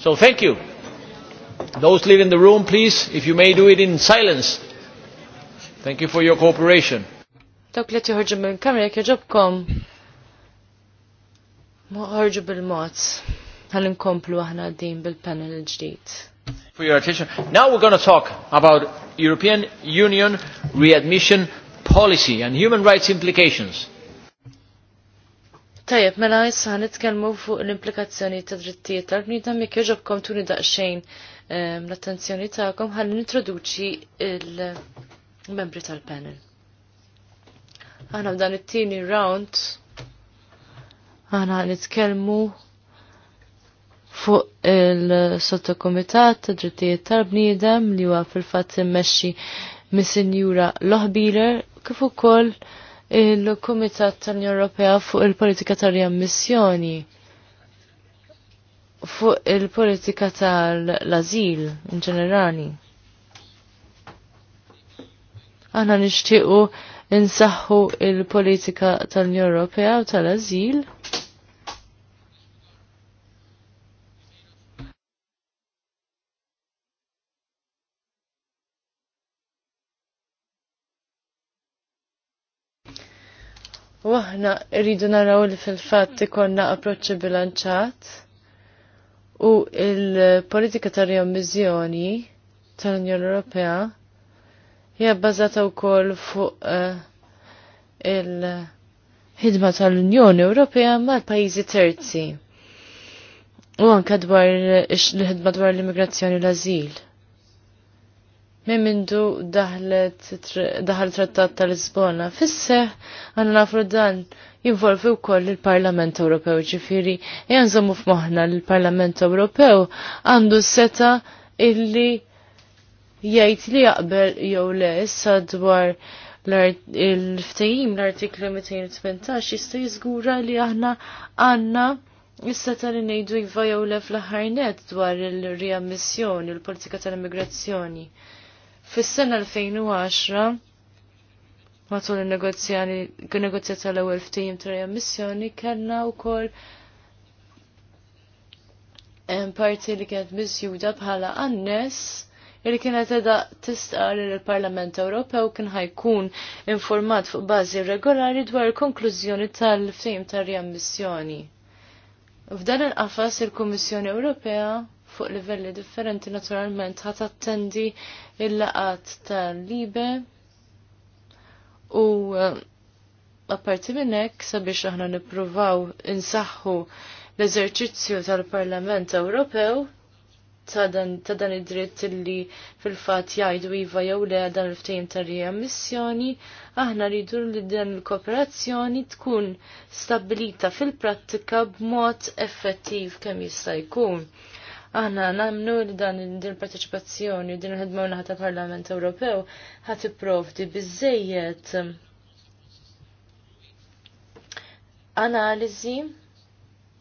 So thank you. Those leaving the room, please, if you may do it in silence. Thank you for your cooperation. Dawk li tiħorġu minn kamra jaġobkom. bil-mod. aħna din bil-panel For your attention. Now we're going to talk about European Union readmission policy and human rights implications. Tajjeb, mela issa nitkellmu fuq l-implikazzjoni ta' drittijiet tal-bniedem mi jogħġobkom tuni daqsxejn ehm, l-attenzjoni tagħkom ħalli nintroduċi il-membri tal-panel. Aħna f'dan it-tieni round aħna nitkellmu fuq il-sottokomitat ta' drittijiet tal-bniedem li huwa fil-fatt immexxi mis-Sinjura Loħbiler kif ukoll il-Kumitat tal-Unjoni Ewropea fuq il-politika tal-jammissjoni fuq il-politika tal-azil in ġenerali. Aħna nixtiequ insaħħu il-politika tal-Unjoni Ewropea u tal-azil. tal unjoni ewropea u tal azil Waħna rridu naraw li fil-fatt ikonna approċċi bilanċat u il-politika ta' riammizjoni tal-Unjoni Ewropea hija bbażata wkoll fuq uh, il-ħidma tal-Unjoni Ewropea mal-pajjiżi terzi. U anke dwar il-ħidma dwar l-immigrazzjoni u l-azil. Min mindu daħal trattat tal-Lisbona. Fisse, għanna nafru dan jinvolvi u koll il-Parlament Ewropew ġifiri, janżomu f'moħna l-Parlament Ewropew għandu seta illi jgħid li jaqbel jew le issa dwar il-ftehim l-artiklu 218 jista' jiżgura li aħna għandna Issa tal ngħidu jiva jew le fl-aħħar net dwar il-riammissjoni, il-politika tal-immigrazzjoni. il politika tal immigrazzjoni Fis-sena 2010 matul il-negozjat tal-ewwel ftim tra missjoni kellna wkoll parti li kienet miżjuda bħala annes li kienet edha tistqar li parlament Ewropew kien ħajkun informat fuq bażi regolari dwar il-konklużjoni tal ftim tar-riammissjoni. F'dan il-qafas il-Kummissjoni Ewropea fuq livelli differenti naturalment ħat attendi il-laqat ta' libe u eh, apparti minnek sabiex aħna nipruvaw insaħħu l-eżerċizzju tal-Parlament Ewropew ta' dan id-dritt li fil-fat jgħidu iva jew le dan il ftejn ta' riammissjoni, aħna rridu li dan il-kooperazzjoni tkun stabilita fil-prattika b'mod effettiv kemm jista' jkun. Aħna namnu li dan il-parteċipazzjoni din il-ħidma naħa ta' Parlament Ewropew ħat ipprovdi bizzejiet um, analiżi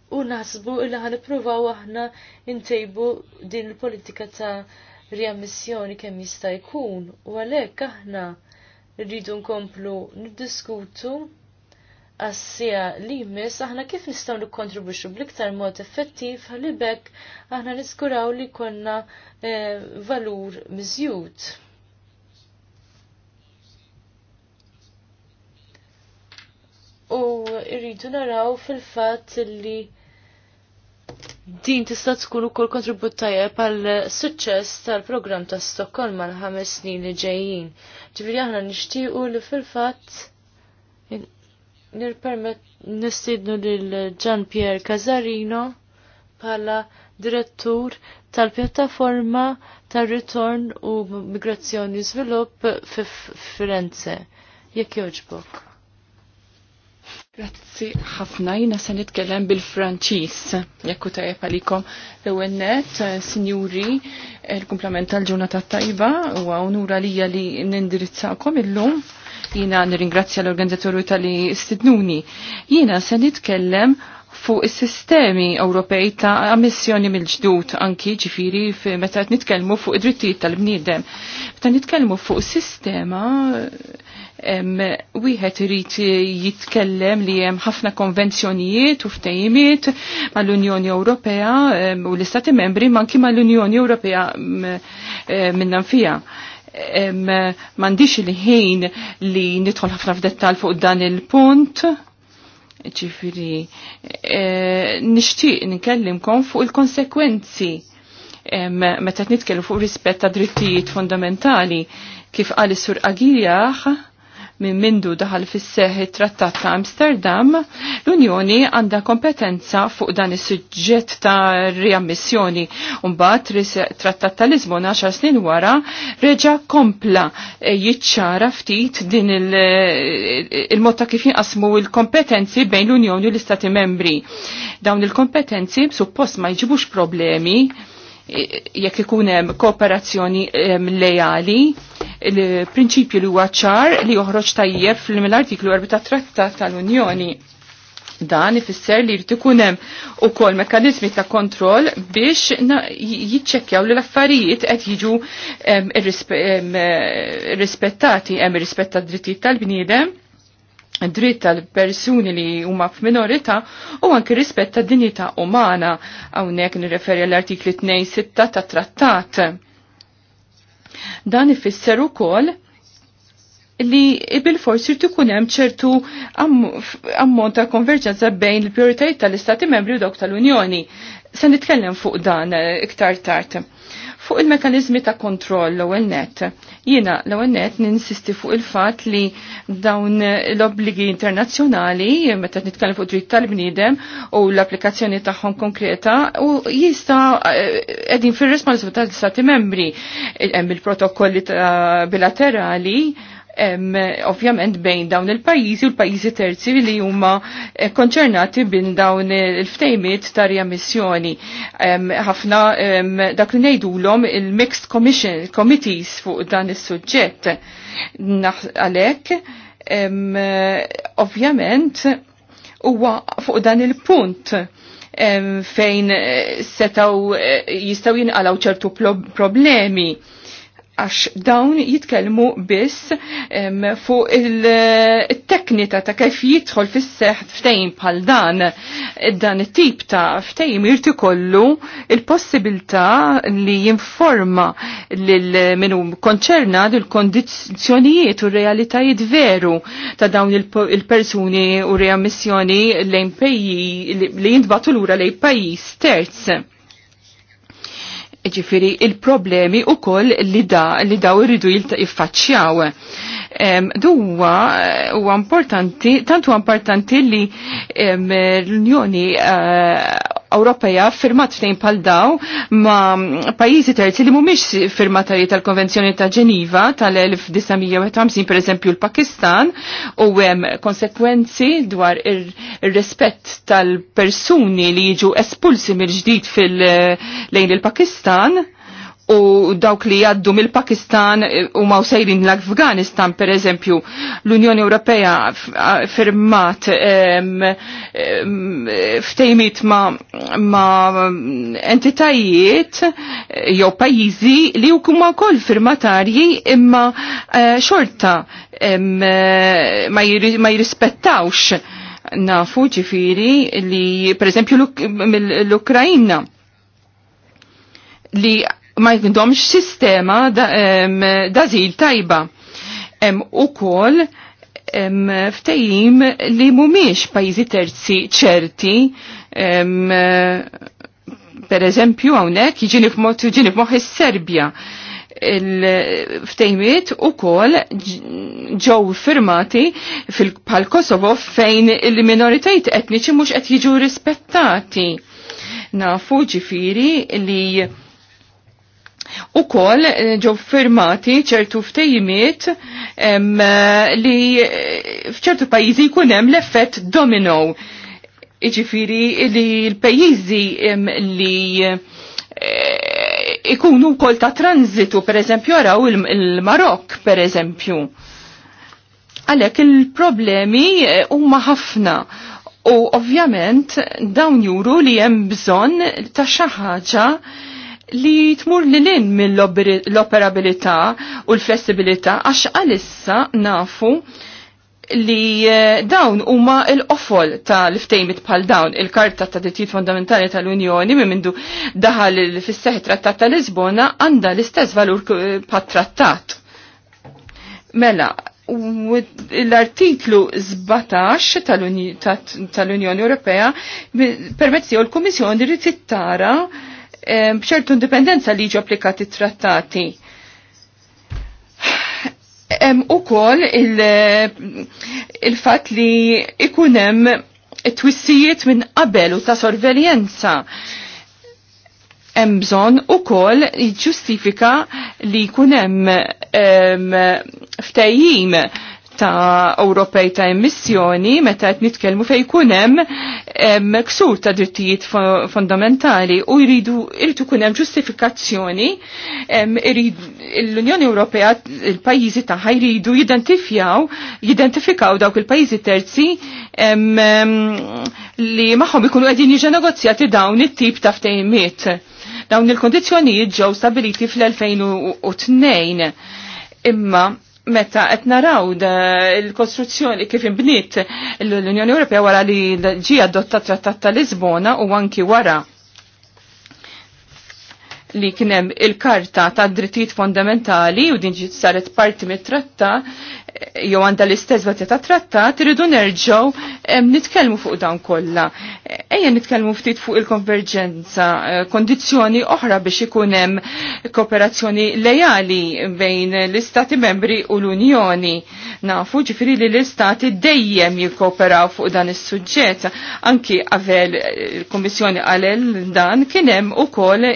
u naħsbu li ħan ippruvaw aħna intejbu din il-politika ta' riammissjoni kemm jista' jkun u għalhekk aħna rridu nkomplu niddiskutu għassija li jmiss aħna kif nistgħu nikkontribwixxu bl-iktar mod effettiv li bekk aħna niskuraw li konna eh, valur miżjud. U rridu naraw fil-fatt li Din tista' tkun ukoll kontribut tajjeb għal suċċess tal-programm ta' Stokkolma l-ħames snin li ġejjin. Ġifieri aħna nixtiequ li fil-fatt nirpermet nistidnu lil Gian pierre Casarino bħala direttur tal-pjattaforma tal-ritorn u migrazzjoni svilupp fi Firenze. Jekk joġbok. Grazzi ħafna, jina se nitkellem bil-Franċis, jekku tajjeb għalikom l-ewwel net, sinjuri, il-kumplament tal-ġurnata tajba u għonura lija li nindirizzakom illum. lum Jina nirringrazzja l-organizzatoru tal-li stidnuni. Jina se nitkellem fuq is-sistemi Ewropej ta' ammissjoni mill-ġdud anki ġifiri meta nitkellmu fuq id-drittijiet tal-bniedem. Meta nitkellmu fuq sistema wieħed irid jitkellem li hemm ħafna konvenzjonijiet u ftehimiet mal-Unjoni Ewropea u l-Istati Membri manki mal-Unjoni Ewropea minnan fija mandiċ il-ħin li nidħol ħafna f'dettal fuq dan il-punt ċifiri e, nishtiq nkellimkom fuq il-konsekwenzi meta nitkellmu fuq rispett drittijiet fundamentali kif qal is-sur Agirjaħ minn mindu daħal fis it trattat ta' Amsterdam, l-Unjoni għandha kompetenza fuq dan is-suġġett ta' riammissjoni. Umbat trattat ta' Lisbona 10 snin wara reġa kompla e, jiċċara ftit din il-mod ta' kif jinqasmu il-kompetenzi bejn l-Unjoni u l-Istati membri. Dawn il-kompetenzi suppost ma jġibux problemi jekk ikun hemm kooperazzjoni lejali, il-prinċipju li huwa ċar li joħroġ tajjeb fil-artiklu 4 ta' Trattat tal-Unjoni. Dan ifisser li jrid ikun hemm ukoll mekkaniżmi ta' kontroll biex jiċċekkjaw li l-affarijiet qed jiġu rispettati hemm ir d drittijiet tal-bniedem dritt tal-persuni li huma f'minorita u anki rispett tad dinjità umana hawnhekk nirreferi l-artikli 26 6 ta' trattat. Dan ifisser ukoll li bil-forsi kun hemm ċertu ammont ta' konverġenza bejn il prioritajiet tal-Istati membri u dawk tal-Unjoni. Se nitkellem fuq dan eh, iktar tard. Fuq il-mekanizmi ta' kontroll l-ewwel net. Jiena l-ewwel net ninsisti fuq il-fatt li dawn l-obbligi internazzjonali meta nitkellem fuq dritt tal-bniedem u l-applikazzjoni tagħhom konkreta u jista' qegħdin fir-responsabilità tal-Stati membri hemm il-protokolli bilaterali ovvjament bejn dawn il-pajjiżi u l-pajjiżi terzi li huma eh, konċernati bin dawn il-ftejmiet ta' riammissjoni. Ħafna dak li ngħidulhom il-mixed commission committees fuq dan is-suġġett. Għalhekk ovvjament huwa fuq dan il-punt fejn eh, setaw eh, jistaw jinqalaw ċertu problemi għax dawn jitkellmu biss fuq eh, il-teknika ta' kif jidħol fis-seħ ftejn bħal dan dan it-tip ta' ftejn irti kollu il-possibilità li jinforma lil minu konċerna il kondizzjonijiet u realitajiet veru ta' dawn il-persuni u reammissjoni lejn pejji li jintbatu lura lejn pajjiż terz ġifiri il-problemi u koll li, da, li daw irridu jiffaċċjaw. Um, Duwa huwa importanti, tantu importanti li l-Unjoni eh, Ewropeja firmat fejn pal daw ma pajjiżi terzi li mhumiex firmatarji tal-Konvenzjoni ta' Ġeniva tal-1950 pereżempju l-Pakistan u hemm konsekwenzi dwar ir-rispett tal-persuni li jiġu espulsi mill-ġdid fil-lejn il-Pakistan u dawk li jaddu mill-Pakistan eh, u ma' sejrin l-Afganistan, per eżempju, l-Unjoni Ewropea firmat ftejmit ma', ma entitajiet eh, jew pajjiżi li huma wkoll firmatarji imma eh, xorta ma jirrispettawx nafu ġifiri li per eżempju l ukrajina li ma jgħindomx sistema dażil tajba. Em u kol ftejim li mumiex pajzi terzi ċerti per eżempju għawnek ġini f'moħ is-Serbja il-ftejmiet u kol ġew firmati fil-pal Kosovo fejn il-minoritajt etniċi mhux qed jiġu rispettati. Nafu ġifiri li U kol eh, ġew firmati ċertu ftejimiet eh, li eh, fċertu pajizi kunem l-effett domino. Iġifiri li l-pajizi li ikunu kol ta' tranzitu, per eżempju, għaraw il-Marok, per eżempju. Għalek il-problemi huma ħafna. U ovvjament dawn juru li hemm bżonn ta' xi ħaġa li tmur li lin mill-operabilità u l-flessibilità għax għalissa nafu li eh, dawn huma l-qofol tal-ftejmit bħal dawn il-karta ta' dittijiet fondamentali tal-Unjoni minn mindu daħal fis-seħ trattat ta' Lisbona għandha l-istess valur pat trattat. Mela, l-artiklu 17 tal-Unjoni Ewropea permezzi l-Kummissjoni li tittara bċertu indipendenza li ġu applikati trattati. Hemm ukoll il-fatt il li ikun hemm twissijiet minn qabel u ta' sorveljenza. Hemm bżonn ukoll jiġġustifika li jkun hemm ftejjim ta' Ewropej ta' emissjoni meta qed nitkellmu fejn jkun hemm ksur ta' drittijiet fondamentali u jridu jridu jkun hemm ġustifikazzjoni l-Unjoni Ewropea il-pajjiżi tagħha jridu jidentifjaw jidentifikaw dawk il-pajjiżi terzi li magħhom ikunu qegħdin jiġu negozjati dawn it-tip ta' ftehimiet. Dawn il-kondizzjonijiet ġew stabiliti fl-2002 imma meta qed naraw il-kostruzzjoni kif inbniet l-Unjoni Ewropea wara li ġie adotta trattat ta' Lisbona u anki wara li kien hemm il-karta ta' drittijiet fondamentali u din ġiet saret parti mit-tratta jew għandha l-istess vatja ta' trattat, irridu nerġgħu nitkellmu fuq dawn kollha. Ejja nitkellmu ftit fuq il-konverġenza, eh, kondizzjoni oħra biex ikun hemm kooperazzjoni lejali bejn l-Istati membri u l-Unjoni. Nafu ġifieri li l-Istati dejjem jikkooperaw fuq dan is-suġġett. Anki għavel il-Kummissjoni qalel dan kien hemm ukoll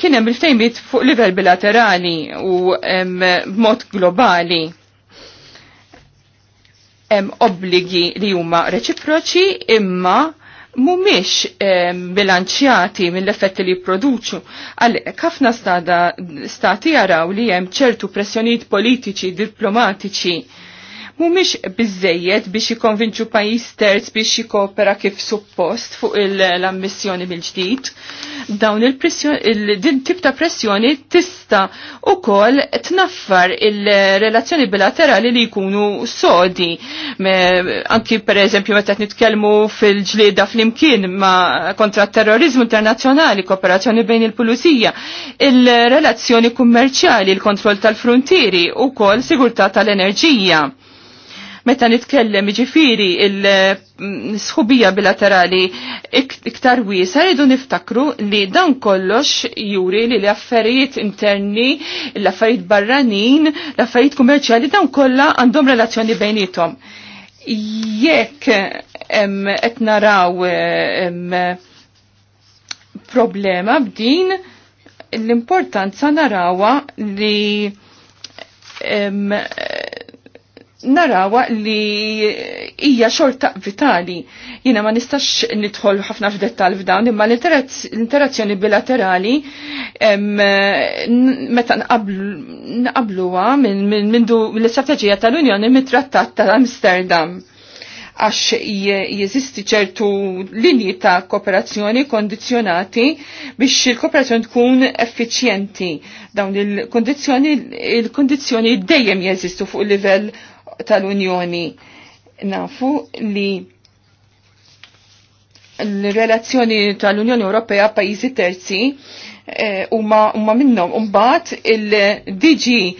kien hemm il-fejmiet fuq livell bilaterali u b'mod globali hemm obbligi li huma reċiproċi imma mumiex bilanċjati mill-effetti li jipproduċu. Għalhekk ħafna stati jaraw li hemm ċertu pressjonijiet politiċi, diplomatiċi mhumiex bizzejiet biex jikonvinċu pajjiż terz biex jikopera kif suppost fuq l-ammissjoni mill-ġdid. Dawn il-din tip ta' pressjoni tista' ukoll tnaffar il-relazzjoni bilaterali li jkunu sodi. Anki pereżempju meta nitkellmu fil-ġlieda flimkien ma' kontra terrorizmu internazzjonali, kooperazzjoni bejn il-pulizija, il-relazzjoni kummerċjali, il-kontroll tal-frontieri u kol sigurtà tal-enerġija meta nitkellem ġifiri il-sħubija mm, bilaterali iktar wiesa rridu niftakru li dan kollox juri li l-affarijiet interni, l-affarijiet barranin, l-affarijiet kummerċjali dan kollha għandhom relazzjoni bejnietom. Jekk qed naraw problema b'din l-importanza narawa li narawa li hija xorta vitali. Jina ma nistax nidħol ħafna f'dettal f'dawn, imma l-interazzjoni bilaterali meta nqabluha minn l-istrateġija tal-Unjoni mit-Trattat tal-Amsterdam għax jeżisti ċertu linji ta' kooperazzjoni kondizjonati biex il-kooperazzjoni tkun effiċjenti. Dawn il-kondizjoni il-kondizjoni dejjem jeżistu fuq livell tal-Unjoni. Nafu li l-relazzjoni tal-Unjoni Ewropea pajjiżi terzi eh, huma e, um minnhom imbagħad il-DG um,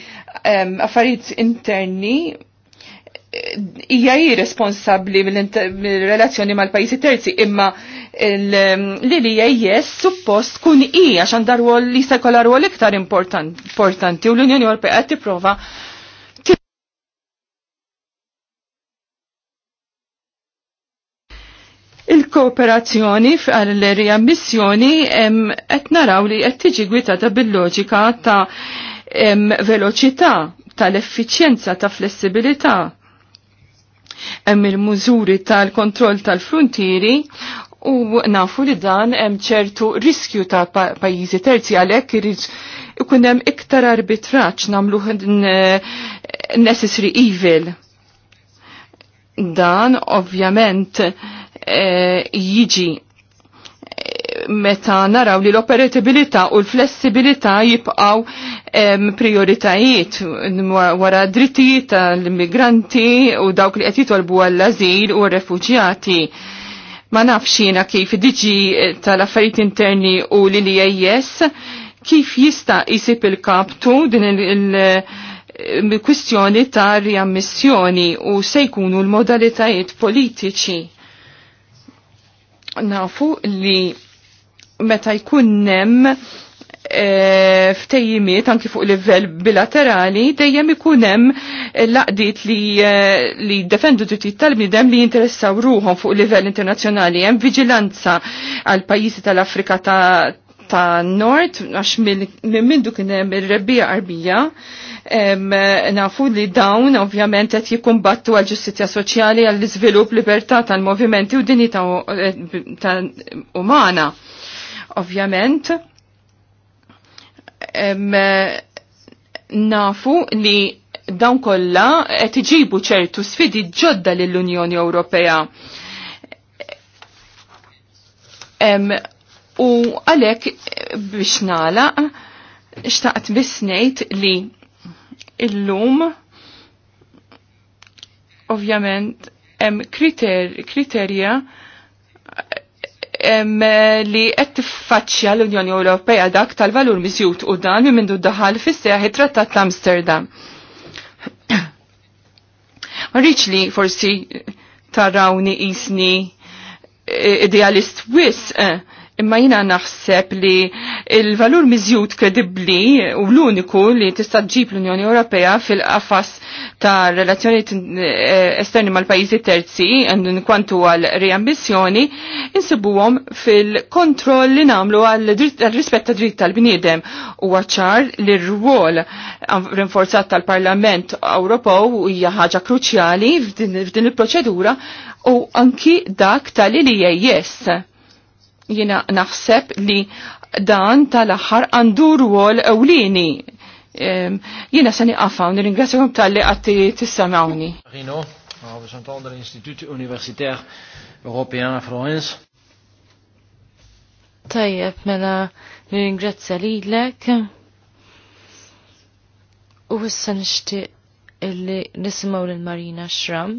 ehm, affarijiet interni eh, hija hi responsabbli mill-relazzjoni mal-pajjiżi terzi imma l-lija jess suppost kun hija għax għandha rwol li se jkollha rwol iktar importanti u l-Unjoni Ewropea qed tipprova Il-kooperazzjoni għal missjoni qed naraw li qed tiġi gwitata bil-loġika ta' veloċità, tal-effiċjenza, ta' flessibilità. Hemm il-mużuri tal-kontroll tal-frontieri u nafu li dan hemm ċertu riskju ta' pajjiżi terzi għalhekk irid ikun hemm iktar arbitraġġ nagħmlu necessary evil. Dan ovvjament Eh, jiġi eh, meta naraw li l-operatibilità u l-flessibilità jibqaw prioritajiet wara drittijiet tal-immigranti u dawk li qed jitolbu għall-azil u r-refuġjati. Ma nafxina kif diġi tal-affarijiet interni u l ijs kif jista' jisib il-kaptu din il-kwistjoni ta' riammissjoni u se jkunu l-modalitajiet politiċi nafu li meta jkunnem e, ftejjimiet anki fuq livell bilaterali dejjem ikun hemm laqdiet li e, li defendu drittijiet tal-bniedem li jinteressaw ruhom fuq livell internazzjonali hemm viġilanza għal pajjiżi tal-Afrika ta' ta' Nord għax minn mindu kien hemm ir-rebbija qarbija nafu li dawn ovvjament qed jikkumbattu għal ġustizzja soċjali għall iżvilupp libertà tal-movimenti u dinjità e, ta umana. Ovvjament nafu li dawn kollha qed iġibu ċertu sfidi ġodda lill-Unjoni Ewropea. U għalhekk biex nagħlaq xtaqt bisnejt ngħid li illum ovvjament hemm kriter, kriterja li qed tiffaċċja l-Unjoni Ewropea dak tal-valur miżjud u dan li mindu daħal fis seħi trattat l Amsterdam. Marriċ li forsi tarawni isni eh, idealist wis eh, Imma jina naħseb li il-valur miżjud kredibli u l-uniku li tista' ġib l-Unjoni Ewropea fil-qafas ta' relazzjoni eh, esterni mal-pajjiżi terzi kwantu għal reambizjoni insibuhom fil-kontroll li nagħmlu għal rispett ta' dritt tal-bniedem u ċar li r-rwol rinforzat tal-Parlament Ewropew hija ħaġa kruċjali f'din il-proċedura u anki dak tal-ILIES Jina naħseb li dan tal-aħħar għandu rwol ewlieni. Jina sani għafaw, nir-ingrazzjom tal-li għatti t-samawni. Rino, rappresentant dell-Institut Universitaire Européen à Florence. Tajjeb, mela nir-ingrazzja li l-ek. U issa nishtiq illi nisimaw l-Marina Shram,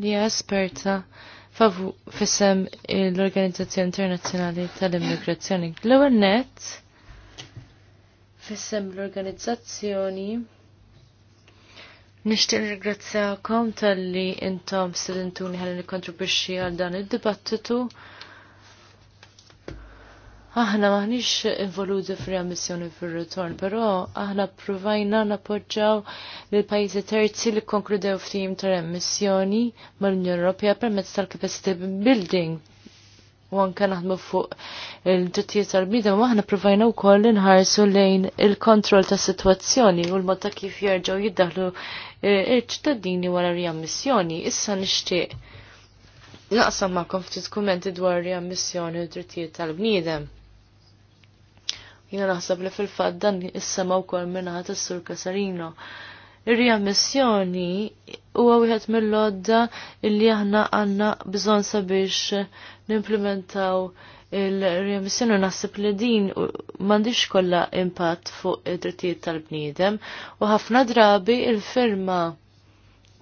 li esperta fissem l-Organizzazzjoni Internazzjonali tal-Immigrazzjoni. L-ewwel net fissem l-organizzazzjoni nixtieq nirringrazzjakom talli intom studentuni ħalli nikkontribwixxi għal dan id-dibattitu aħna maħniex involuti f'riammissjoni fir-ritorn, però aħna provajna napoġġaw lil pajjiżi terzi li konkludew ftim ta' remissjoni mal-Unjoni Ewropea permezz tal-capacity building u anke naħdmu fuq il-drittijiet tal-bnida u aħna provajna wkoll inħarsu lejn il-kontroll tas-sitwazzjoni u l-mod ta' kif jerġgħu jiddaħlu eh, iċ-ċittadini wara riammissjoni. Issa nixtieq naqsam ma' konftit kummenti dwar riammissjoni u drittijiet tal-bniedem. Jina naħseb li fil-fat dan issema wkoll minnaħat s sur Kasarino. Ir-riammissjoni huwa wieħed mill-lodda illi aħna għandna bżonn sabiex nimplementaw il-remissjoni naħseb li din m'għandix kollha impatt fuq id-drittijiet tal-bniedem u ħafna drabi il-firma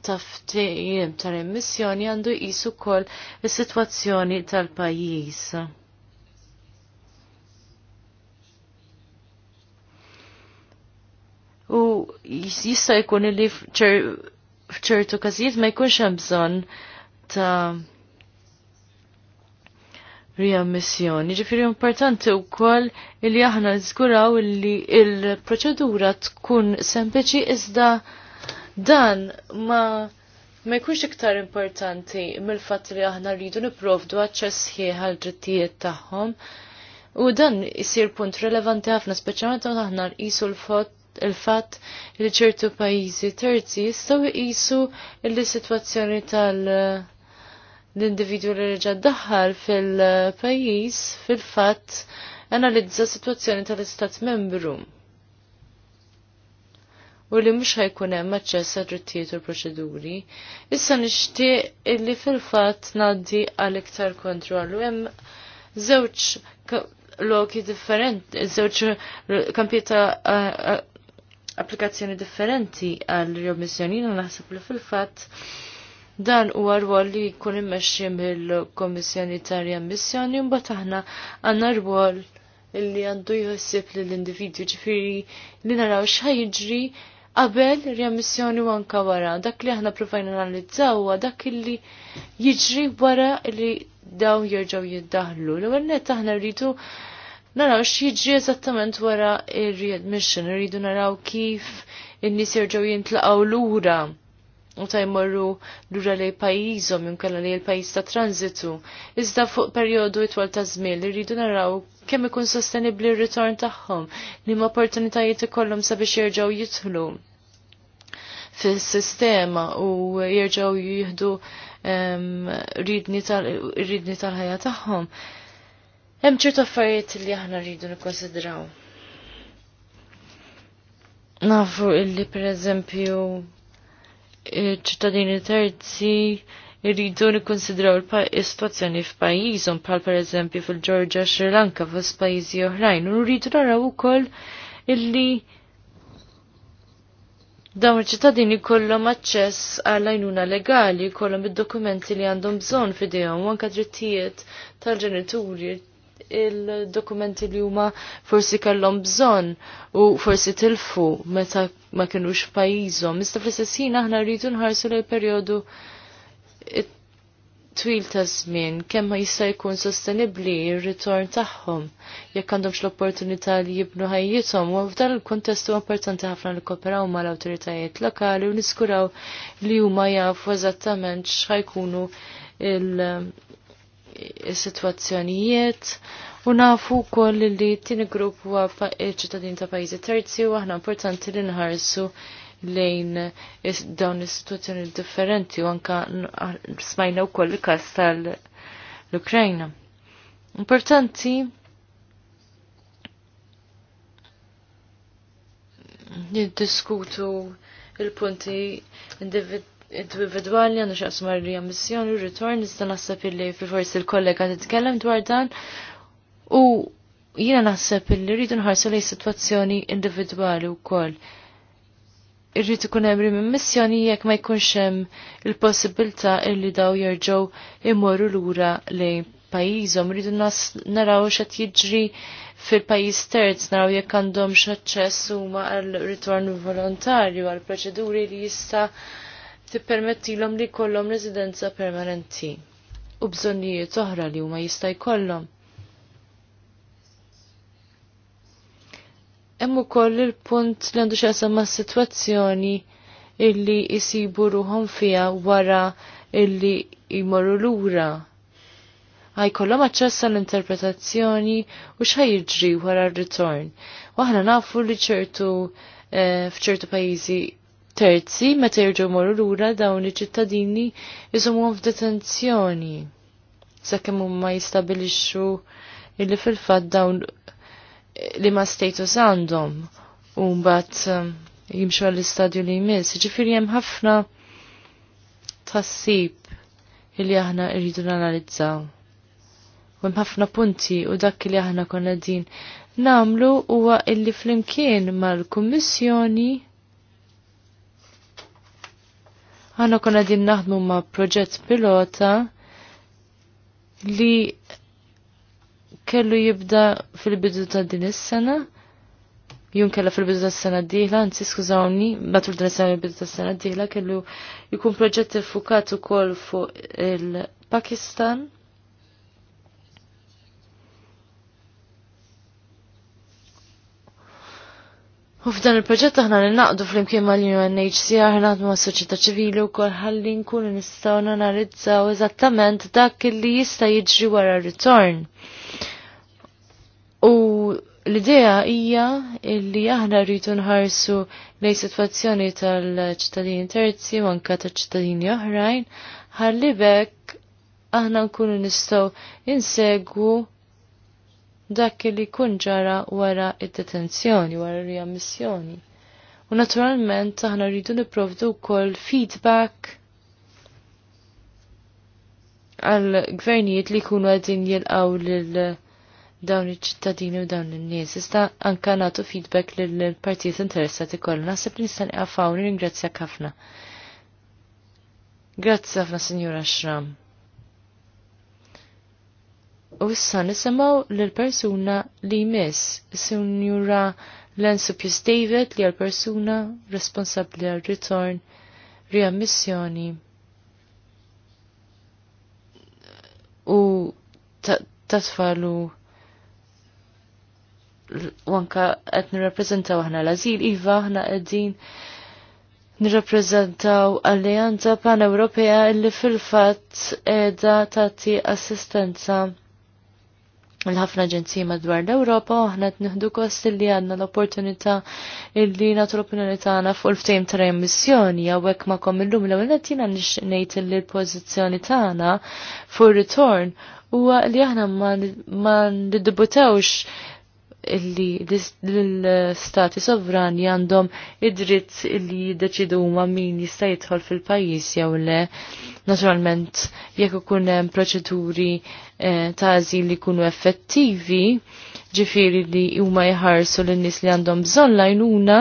ta' ftehim tal-emissjoni għandu jisu wkoll is-sitwazzjoni tal-pajjiż. u jista' jkun li f'ċertu każijiet ma jkunx hemm bżonn ta' riammissjoni. Ġifiri importanti wkoll li aħna niżguraw li il-proċedura tkun sempliċi iżda dan ma ma jkunx iktar importanti mill-fatt li aħna rridu nipprovdu aċċess ħieħ għal drittijiet tagħhom. U dan isir punt relevanti ħafna speċjalment aħna nqisu l-fatt il-fatt li ċertu pajjiżi terzi jistgħu jqisu li sitwazzjoni tal- l-individu li reġa daħħal fil-pajis fil-fatt analizza situazzjoni tal-istat membru. U li mhux ħajkun hemm aċċess għad drittijiet u proċeduri. Issa nixtieq illi fil-fatt ngħaddi għal iktar kontrollu hemm żewġ loki differenti, żewġ kampjeta applikazzjoni differenti għal remissjoni u naħseb li fil-fatt dan huwa rwol li jkun immexxi mill-Kommissjoni ta' Riammissjoni u mbagħad aħna għandna rwol li għandu jħossib li l individu ġifiri li naraw xħajġri qabel riammissjoni u anka wara. Dak li aħna provajna analizzaw dak li jiġri wara li dawn jerġgħu jiddaħlu. L-ewwel net aħna rridu naraw x'jiġri eżattament wara il readmission irridu naraw kif il-nis jirġaw jerġgħu jintlaqgħu lura u ta' jmorru lura li pajjiżhom imkella li l-pajjiż ta' tranzitu. Iżda fuq perjodu itwal ta' żmien rridu naraw kemm ikun sostenibbli r-ritorn tagħhom, nim opportunitajiet ikollhom sabiex jerġgħu jidħlu fis-sistema u jerġgħu jieħdu ehm, ridni tal-ħajja tagħhom. Ta Hemm ċertu affarijiet li aħna rridu nikkonsidraw. Nafu illi pereżempju ċittadini terzi rridu nikkonsidraw is-sitwazzjoni f'pajjiżhom bħal pereżempju fil-Ġorġa, Sri Lanka, fost pajjiżi oħrajn, u rridu naraw ukoll illi Dawn iċ-ċittadini kollhom aċċess għal għajnuna legali, kollhom id-dokumenti li għandhom bżonn f'idejhom u anke drittijiet tal-ġenituri, il-dokumenti li huma forsi kellhom bżonn u forsi tilfu meta ma kinux pajjiżhom. Iżda fl-istess ħin aħna rridu nħarsu lil perjodu twil ta' żmien kemm ma jista' jkun sostenibbli r-ritorn tagħhom jekk għandhomx l-opportunità li jibnu ħajjithom u f'dan il-kuntest huwa importanti ħafna li mal-awtoritajiet lokali u niskuraw li huma jafu eżattament x'ħajkunu il- is-sitwazzjonijiet u nafu wkoll li tieni grupp huwa ċittadin ta' pajjiżi terzi u aħna importanti li nħarsu lejn dawn is-sitwazzjoni differenti u anka smajna wkoll il-każ tal-Ukrajna. Importanti jiddiskutu il-punti individ individwali għandu xaqs li ammissjoni u r-ritorn, nista naħseb illi fil-forsi l kollega titkellem dwar dan u jiena naħseb illi rridu nħarsu li situazzjoni individwali u koll. Irrid ikun hemm minn missjoni jekk ma jkunx hemm il-possibilità illi daw jerġgħu imorru lura lejn pajjiżhom rridu naraw x'qed jiġri fil pajjiż terz naraw jekk għandhom xaċċess huma għal ritorn volontarju għal proċeduri li jista' tippermettilhom li jkollhom residenza permanenti u bżonnijiet oħra li huma jista' jkollhom. Emmu ukoll il-punt li għandu x'għasam ma' sitwazzjoni illi jisibu ruhom fija wara illi jmorru lura. Għajkollhom aċċess għall-interpretazzjoni u x'ħaj wara r-ritorn. Waħna nafu li ċertu eh, f'ċertu pajjiżi terzi meta jirġu morru lura dawn iċ-ċittadini jisumu f'detenzjoni sakemm huma jistabilixxu illi fil-fatt dawn li ma status għandhom u mbagħad um, jimxu għall-istadju li jmiss. Ġifieri hemm ħafna tassib illi aħna rridu nanalizzaw. U hemm ħafna punti u dak li aħna konna din namlu huwa illi flimkien mal-Kummissjoni Għanna konna din naħdmu ma' proġett pilota li kellu jibda fil-bidu ta' din is-sena. Jun kella fil-bidu ta' s-sena d-dihla, nsi skużawni, matul din is-sena fil-bidu ta' s-sena d-dihla, kellu jkun proġett fukat u kol fuq il-Pakistan U f'dan il-proġett aħna ninaqdu fl-imkien mal-UNHCR naħdmu ma' soċjetà ċivili wkoll ħalli nkunu nistgħu nanalizzaw eżattament dak li jista' jiġri wara r-ritorn. U l-idea hija li aħna rridu nħarsu lejn sitwazzjoni tal-ċittadini terzi u anke tal-ċittadini oħrajn ħalli bekk aħna nkunu nistgħu insegwu dak li kun ġara wara id-detenzjoni, wara riammissjoni. U naturalment aħna rridu niprovdu wkoll feedback għal gvernijiet li jkunu għadin jilqaw lil dawn iċ-ċittadini u dawn in-nies. Ista' anka nagħtu feedback lill partijiet interessati kollha. Naħseb li nista' nieqaf hawn ringrazzjak ħafna. Grazzi ħafna, Sinjura Xram. U issa nisimaw l-persuna li jmiss, Signora Lensupius David li għal-persuna responsabli għal-return riammissjoni u tatfalu u anka qed nirrappreżentaw aħna l-azil, iva aħna qegħdin nirrappreżentaw alleanza pan-Ewropea li fil-fatt qiegħda tagħti assistenza l-ħafna ġenziji madwar l-Ewropa u aħna nihdu kost li għandna l-opportunità illi nagħtu l-opinjoni tagħna fuq l ftehim tra emissjoni għawek ma illum l-ewwel qed jiena ngħid li l-pożizzjoni tagħna fuq ir-ritorn huwa li aħna ma niddibutawx illi l-stati sovrani għandhom id-dritt illi jiddeċidu ma min jista' jidħol fil-pajjiż jew le. Naturalment jekk ikun hemm proċeduri eh, ta' li jkunu effettivi, ġifieri li huma jħarsu lin-nies li għandhom bżonn lajnuna,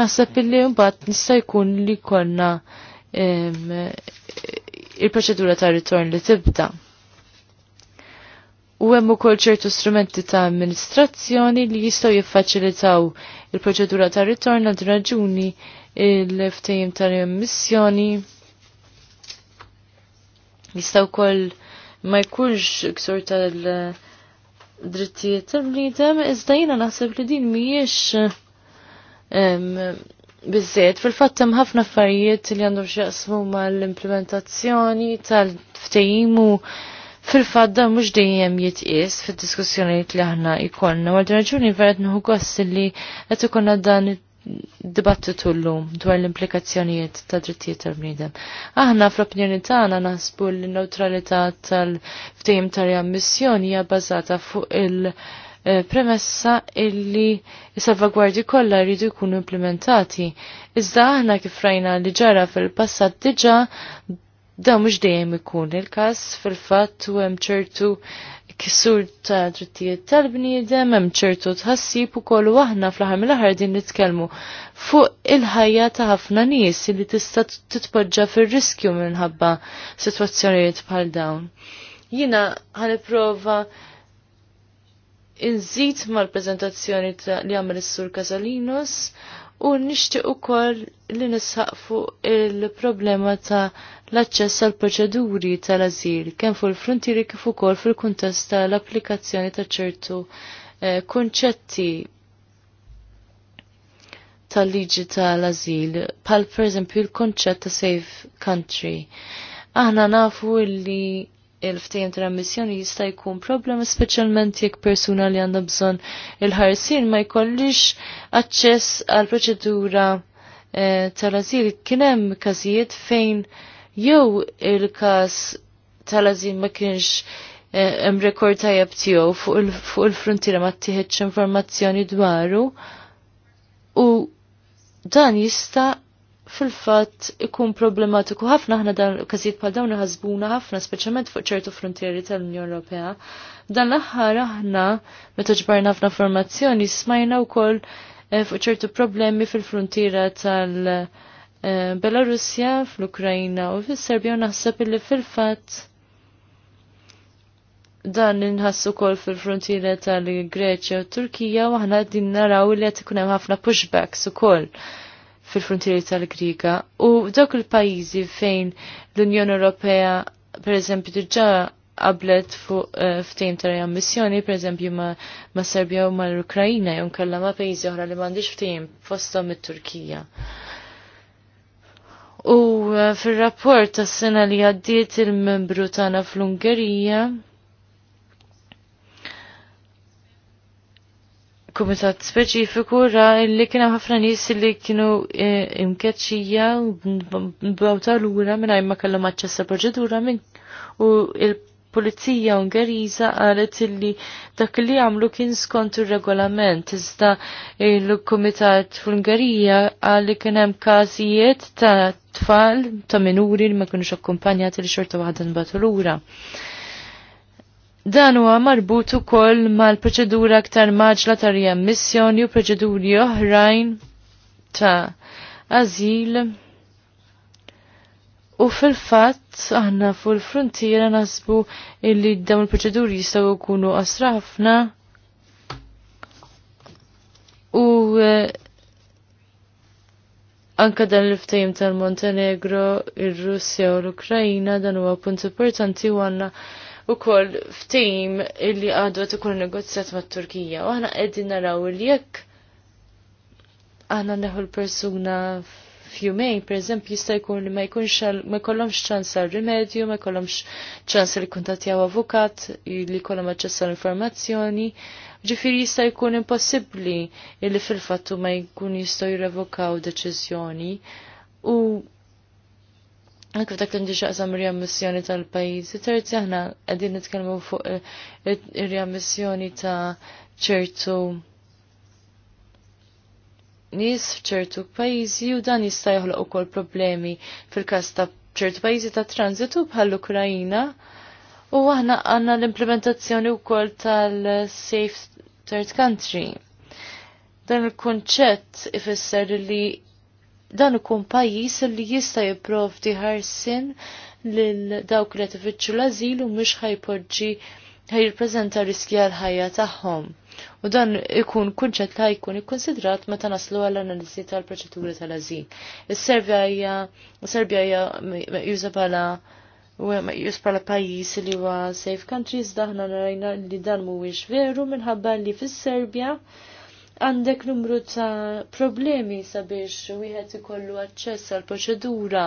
naħseb illi mbagħad nista' jkun li konna eh, il-proċedura ta' ritorn li tibda u hemm ukoll ċertu strumenti ta' amministrazzjoni li jistgħu jiffaċilitaw il-proċedura ta' ritorn għad raġuni il ftejim ta' remissjoni jistgħu wkoll ma jkunx ksur tal-drittijiet tal-bniedem iżda jiena naħseb li din mhijiex Bizzet, fil-fatt hemm ħafna affarijiet li għandhom x'jaqsmu mal-implementazzjoni tal-ftehim u fil-fadda mux dejjem jitqis fil-diskussjoniet li aħna jkollna. Għal raġuni vera nħu gost li qed ikonna dan dibattitu l-lum dwar l-implikazzjonijiet ta' drittijiet tal-bniedem. Aħna fl-opinjoni tagħna naħsbu l-neutralità tal-ftehim ta' riammissjoni hija bbażata fuq il-premessa illi s-salvagwardji kollha jridu jkunu implementati. Iżda aħna kif rajna li ġara fil-passat diġà Da mhux dejjem ikun il-każ fil-fatt u hemm ċertu kisur ta' drittijiet tal-bniedem, hemm ċertu tħassib ukoll kollu aħna fl-aħħar mill-aħħar din nitkellmu fuq il-ħajja ta' ħafna nies li tista' titpoġġa fir-riskju minħabba sitwazzjonijiet bħal dawn. Jiena ħaniprova inżid mal preżentazzjoni li għamel is-Sur Casalinos u nixtieq ukoll li nisħaq fuq il-problema ta' l-aċċess għal proċeduri tal-azil kemm fuq il-frontieri kif ukoll fil-kuntest tal-applikazzjoni ta' ċertu eh, kunċetti tal-liġi tal-azil bħal pereżempju l-konċett ta' safe country. Aħna nafu li il ftejn ta' ammissjoni jista' jkun problem speċjalment jekk persuna li għandha bżonn il-ħarsin ma jkollix aċċess għal proċedura eh, tal-azil. Kien hemm każijiet fejn jew il-każ tal-azil ma kienx eh, hemm rekord tajjeb tiegħu fuq il-frontiera ma tieħedx informazzjoni dwaru u dan jista' fil-fatt ikun problematiku ħafna ħna dan każijiet bħal dawn iħasbuna ħafna speċjalment fuq ċertu frontieri tal-Unjoni Ewropea. Dan l-aħħar aħna meta ġbarna ħafna formazzjoni smajna wkoll eh, fuq ċertu problemi fil-frontiera tal-Belarusja, eh, fl-Ukrajna u fis-Serbja u naħseb illi fil-fatt dan inħassu kol fil-frontiera tal-Greċja u Turkija u aħna din naraw li qed ikun hemm ħafna pushbacks ukoll fil-frontieri tal-Griga u dawk il-pajjiżi fejn l-Unjoni Ewropea pereżempju diġà qablet fuq ftejn eh, ftejm ammissjoni, per eżempju ma, Serbja u ma l-Ukrajina, jew kellha ma pajjiżi oħra li m'għandix ftehim, fosthom it-Turkija. U fil eh, fir-rapport tas-sena li għaddiet il-membru tagħna fl-Ungerija, kumitat speċifiku ra li kienem ħafna nies li kienu eh, imkeċċija l lura mingħajr ma kellhom aċċessa proċedura minn u il-Pulizija Ungeriża qalet illi dak li għamlu kien skont ir-regolament iżda il-Kumitat fl-Ungerija qal li kien hemm każijiet ta' tfal ta' minuri li ma kienu akkumpanjati li xorta waħda nbatu lura. Dan huwa marbut ukoll mal-proċedura aktar maġla ta' riammissjoni u proċeduri oħrajn ta' azil. U fil-fatt aħna fuq il-frontiera nasbu illi dawn il-proċeduri jistgħu jkunu qasra ħafna. U e, Anka dan l-ftajim tal-Montenegro, ir russja u l-Ukrajina dan huwa punt importanti u għandna u koll ftim illi għadu għat ikun negozjat ma' Turkija. U għana għedin naraw li jekk għana neħu l-persuna fjumejn, per eżempju, jista' jkun li ma jkunx ma jkollhomx ċans għal rimedju, ma jkollhomx ċans li kuntatjaw avukat, li jkollhom aċċess għal informazzjoni. Ġifieri jista' jkun impossibbli illi fil-fattu ma jkun jistgħu jirrevokaw deċiżjoni. U Anke dak tindiġa qasam riammissjoni tal-pajjiżi terzi aħna qegħdin nitkellmu fuq eh, ir-riammissjoni ta' ċertu nies f'ċertu pajjiżi u dan jista' joħloq ukoll problemi fil-każ ta' ċertu pajjiżi ta' tranzitu bħall-Ukrajina u aħna għandna l-implementazzjoni wkoll tal-Safe Third Country. Dan il-konċett ifisser li dan ikun pajjiż li jista' jipprovdi ħarsin lil dawk li qed ifittxu l-ażil u mux ħajpoġġi ħajrippreżenta riski għal ħajja tagħhom. U dan ikun kunċet li jkun ikkonsidrat meta naslu għall analizi tal-proċeduri tal azil Is-Serbja hija Serbja hija juża bħala u meqjus pala pajis li huwa safe countries daħna rajna li dan mhuwiex veru minħabba li fis-Serbja għandek numru ta' problemi sabiex wieħed ikollu aċċess għal proċedura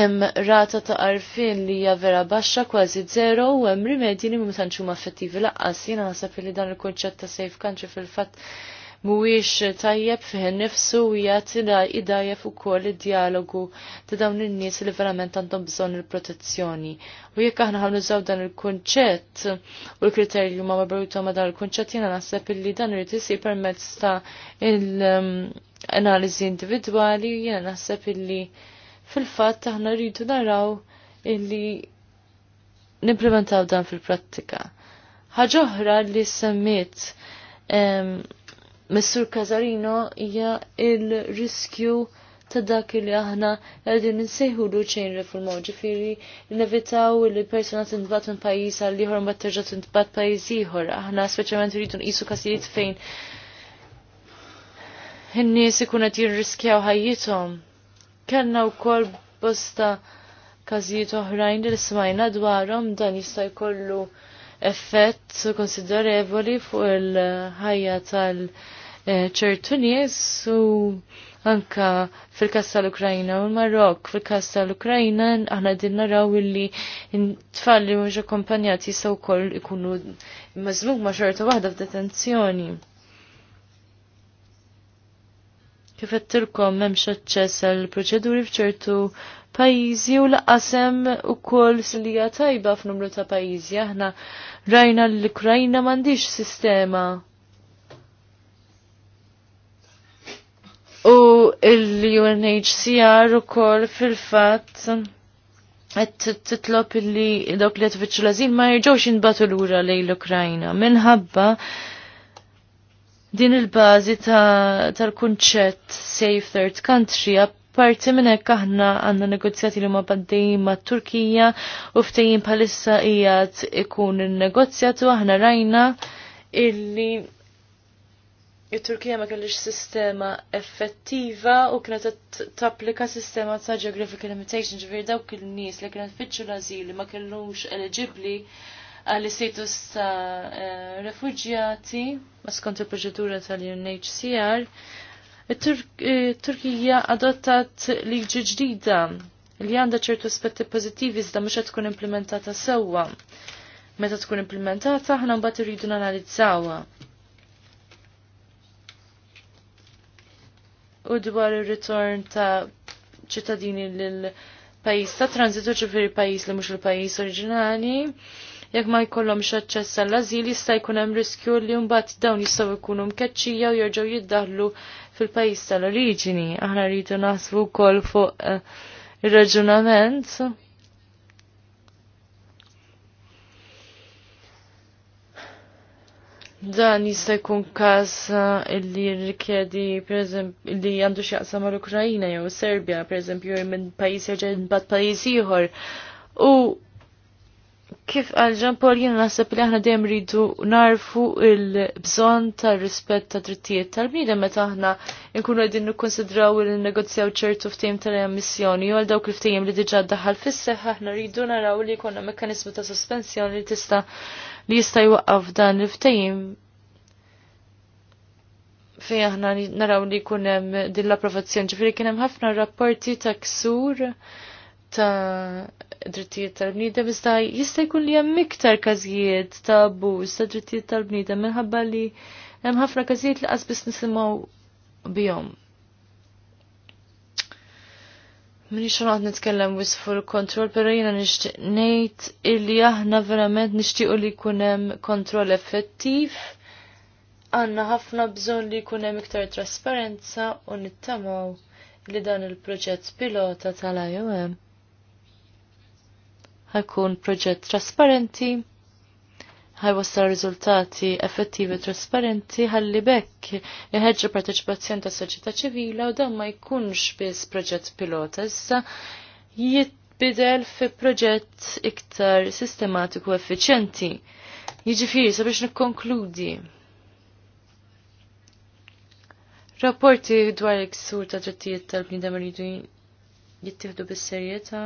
hemm rata ta' arfin li hija vera baxxa kważi zero u hemm rimedji li mhumiex huma affettivi laqqas jiena naħseb li dan il-kunċett ta' safe country fil-fatt mhuwiex tajjeb fih innifsu hija tira fuq ukoll id-dialogu ta' dawn in-nies li verament għandhom bżonn il-protezzjoni. U jekk aħna ħan nużaw dan il-kunċett u l-kriterju ma mabrujtu ma dan il-kunċett jiena naħseb illi dan irid isir permezz ta' il-analiżi individwali jiena naħseb illi fil-fatt aħna rridu naraw illi nimplementaw dan fil-prattika. Ħaġoħra li semmit Messur Kazarino hija il-riskju ta' dak li aħna għedin nsejħu l ċejn reforma ġifiri nevitaw li persona tintbat minn pajis għal liħor ma terġa tintbat pajis ieħor. Aħna speċjalment rridu nqisu kasijiet fejn in-nies ikun qed jirriskjaw ħajjithom. Kellna wkoll bosta każijiet oħrajn li smajna dwarhom dan jista' jkollu effett konsiderevoli fuq il-ħajja tal-ċertu nies u anka fil-kas tal-Ukrajna u l-Marok fil-kas tal-Ukrajna aħna din naraw illi tfalli mhux akkompanjati jistgħu wkoll ikunu mażluk ma' xorta waħda f'detenzjoni. Kif qedtilkom m'hemmx aċċess għall proċeduri f'ċertu pajizi u laqasem u kol silija tajba f'numru ta' pajizi. Aħna rajna l-Ukrajna mandiġ sistema. U l-UNHCR u kol fil-fat għed titlop li dawk li għed l-azil ma jirġawx jinbatu l-ura lej l-Ukrajna minħabba din il-bazi tal-kunċett Safe Third Country Parti minn hekk aħna għandna negozjati li huma baddejjin mat-Turkija u ftejjin bħalissa qiegħed ikun in u aħna rajna illi il turkija ma kellix sistema effettiva u kienet tapplika sistema ta' geographic limitation ġifier dawk il-nies li kienet fitxu l-azili ma kellux eligibbli għal istatus ta' eh, refugjati ma skont il-proċedura tal-UNHCR Eh, Turkija adottat liġi ġdida li għandha ċertu aspetti pożittivi iżda mhux qed tkun implementata sewwa. Meta tkun implementata aħna mbagħad irridu nanalizzawha. U dwar ir-ritorn ta' ċittadini lil pajjiż ta' tranzitu ġifieri pajjiż li mhux il-pajjiż oriġinali jekk ma jkollhomx aċċess għall-ażil jista' jkun hemm riskju li mbagħad dawn jistgħu jkunu mkeċċija u jerġgħu jiddaħlu fil-pajjiż tal-oriġini. Aħna rridu naħsbu wkoll fuq eh, ir-raġunament. Dan jista' jkun każ eh, illi rikjedi li għandu x'jaqsam mal-Ukrajna jew Serbja pereżempju minn pajjiż jerġa' mbagħad pajjiż ieħor. U Kif għal ġampol jien naħseb li aħna dejjem rridu narfu il-bżonn tar-rispett ta' drittijiet tal-bniedem meta aħna nkunu qegħdin nikkonsidraw il negozjaw ċertu ftehim tal-emissjoni u għal dawk il-ftehim li diġà daħal fis-seħħ aħna rridu naraw li jkollna mekkaniżmu ta' sospensjoni li tista' li jista' jwaqqaf dan il-ftehim fejn aħna naraw li jkun hemm din l-approvazzjoni ġifieri kien hemm ħafna rapporti ta' ksur ta' drittijiet tal bnidem iżda jista' jkun li hemm iktar każijiet ta' abbuż ta' drittijiet tal-bniedem minħabba li hemm ħafna każijiet li qasbis nisimgħu bihom. Mini xonqat nitkellem wisful fuq kontroll, pero jiena nixtieq ngħid illi aħna verament nixtiequ li jkun hemm kontroll effettiv. Għandna ħafna bżonn li jkun hemm iktar trasparenza u nittamaw li dan il-proġett pilota tal-IOM ħajkun proġett trasparenti, ħajwassal riżultati effettivi trasparenti ħalli bekk iħeġġu parteċipazzjoni ta' soċjetà ċivila u dan ma jkunx biss proġett pilota issa jitbidel fi proġett iktar sistematiku effiċjenti. Jiġifieri sabiex nikkonkludi. Rapporti dwar l-iksur ta' drittijiet tal-bnidem rridu jittieħdu bis-serjetà.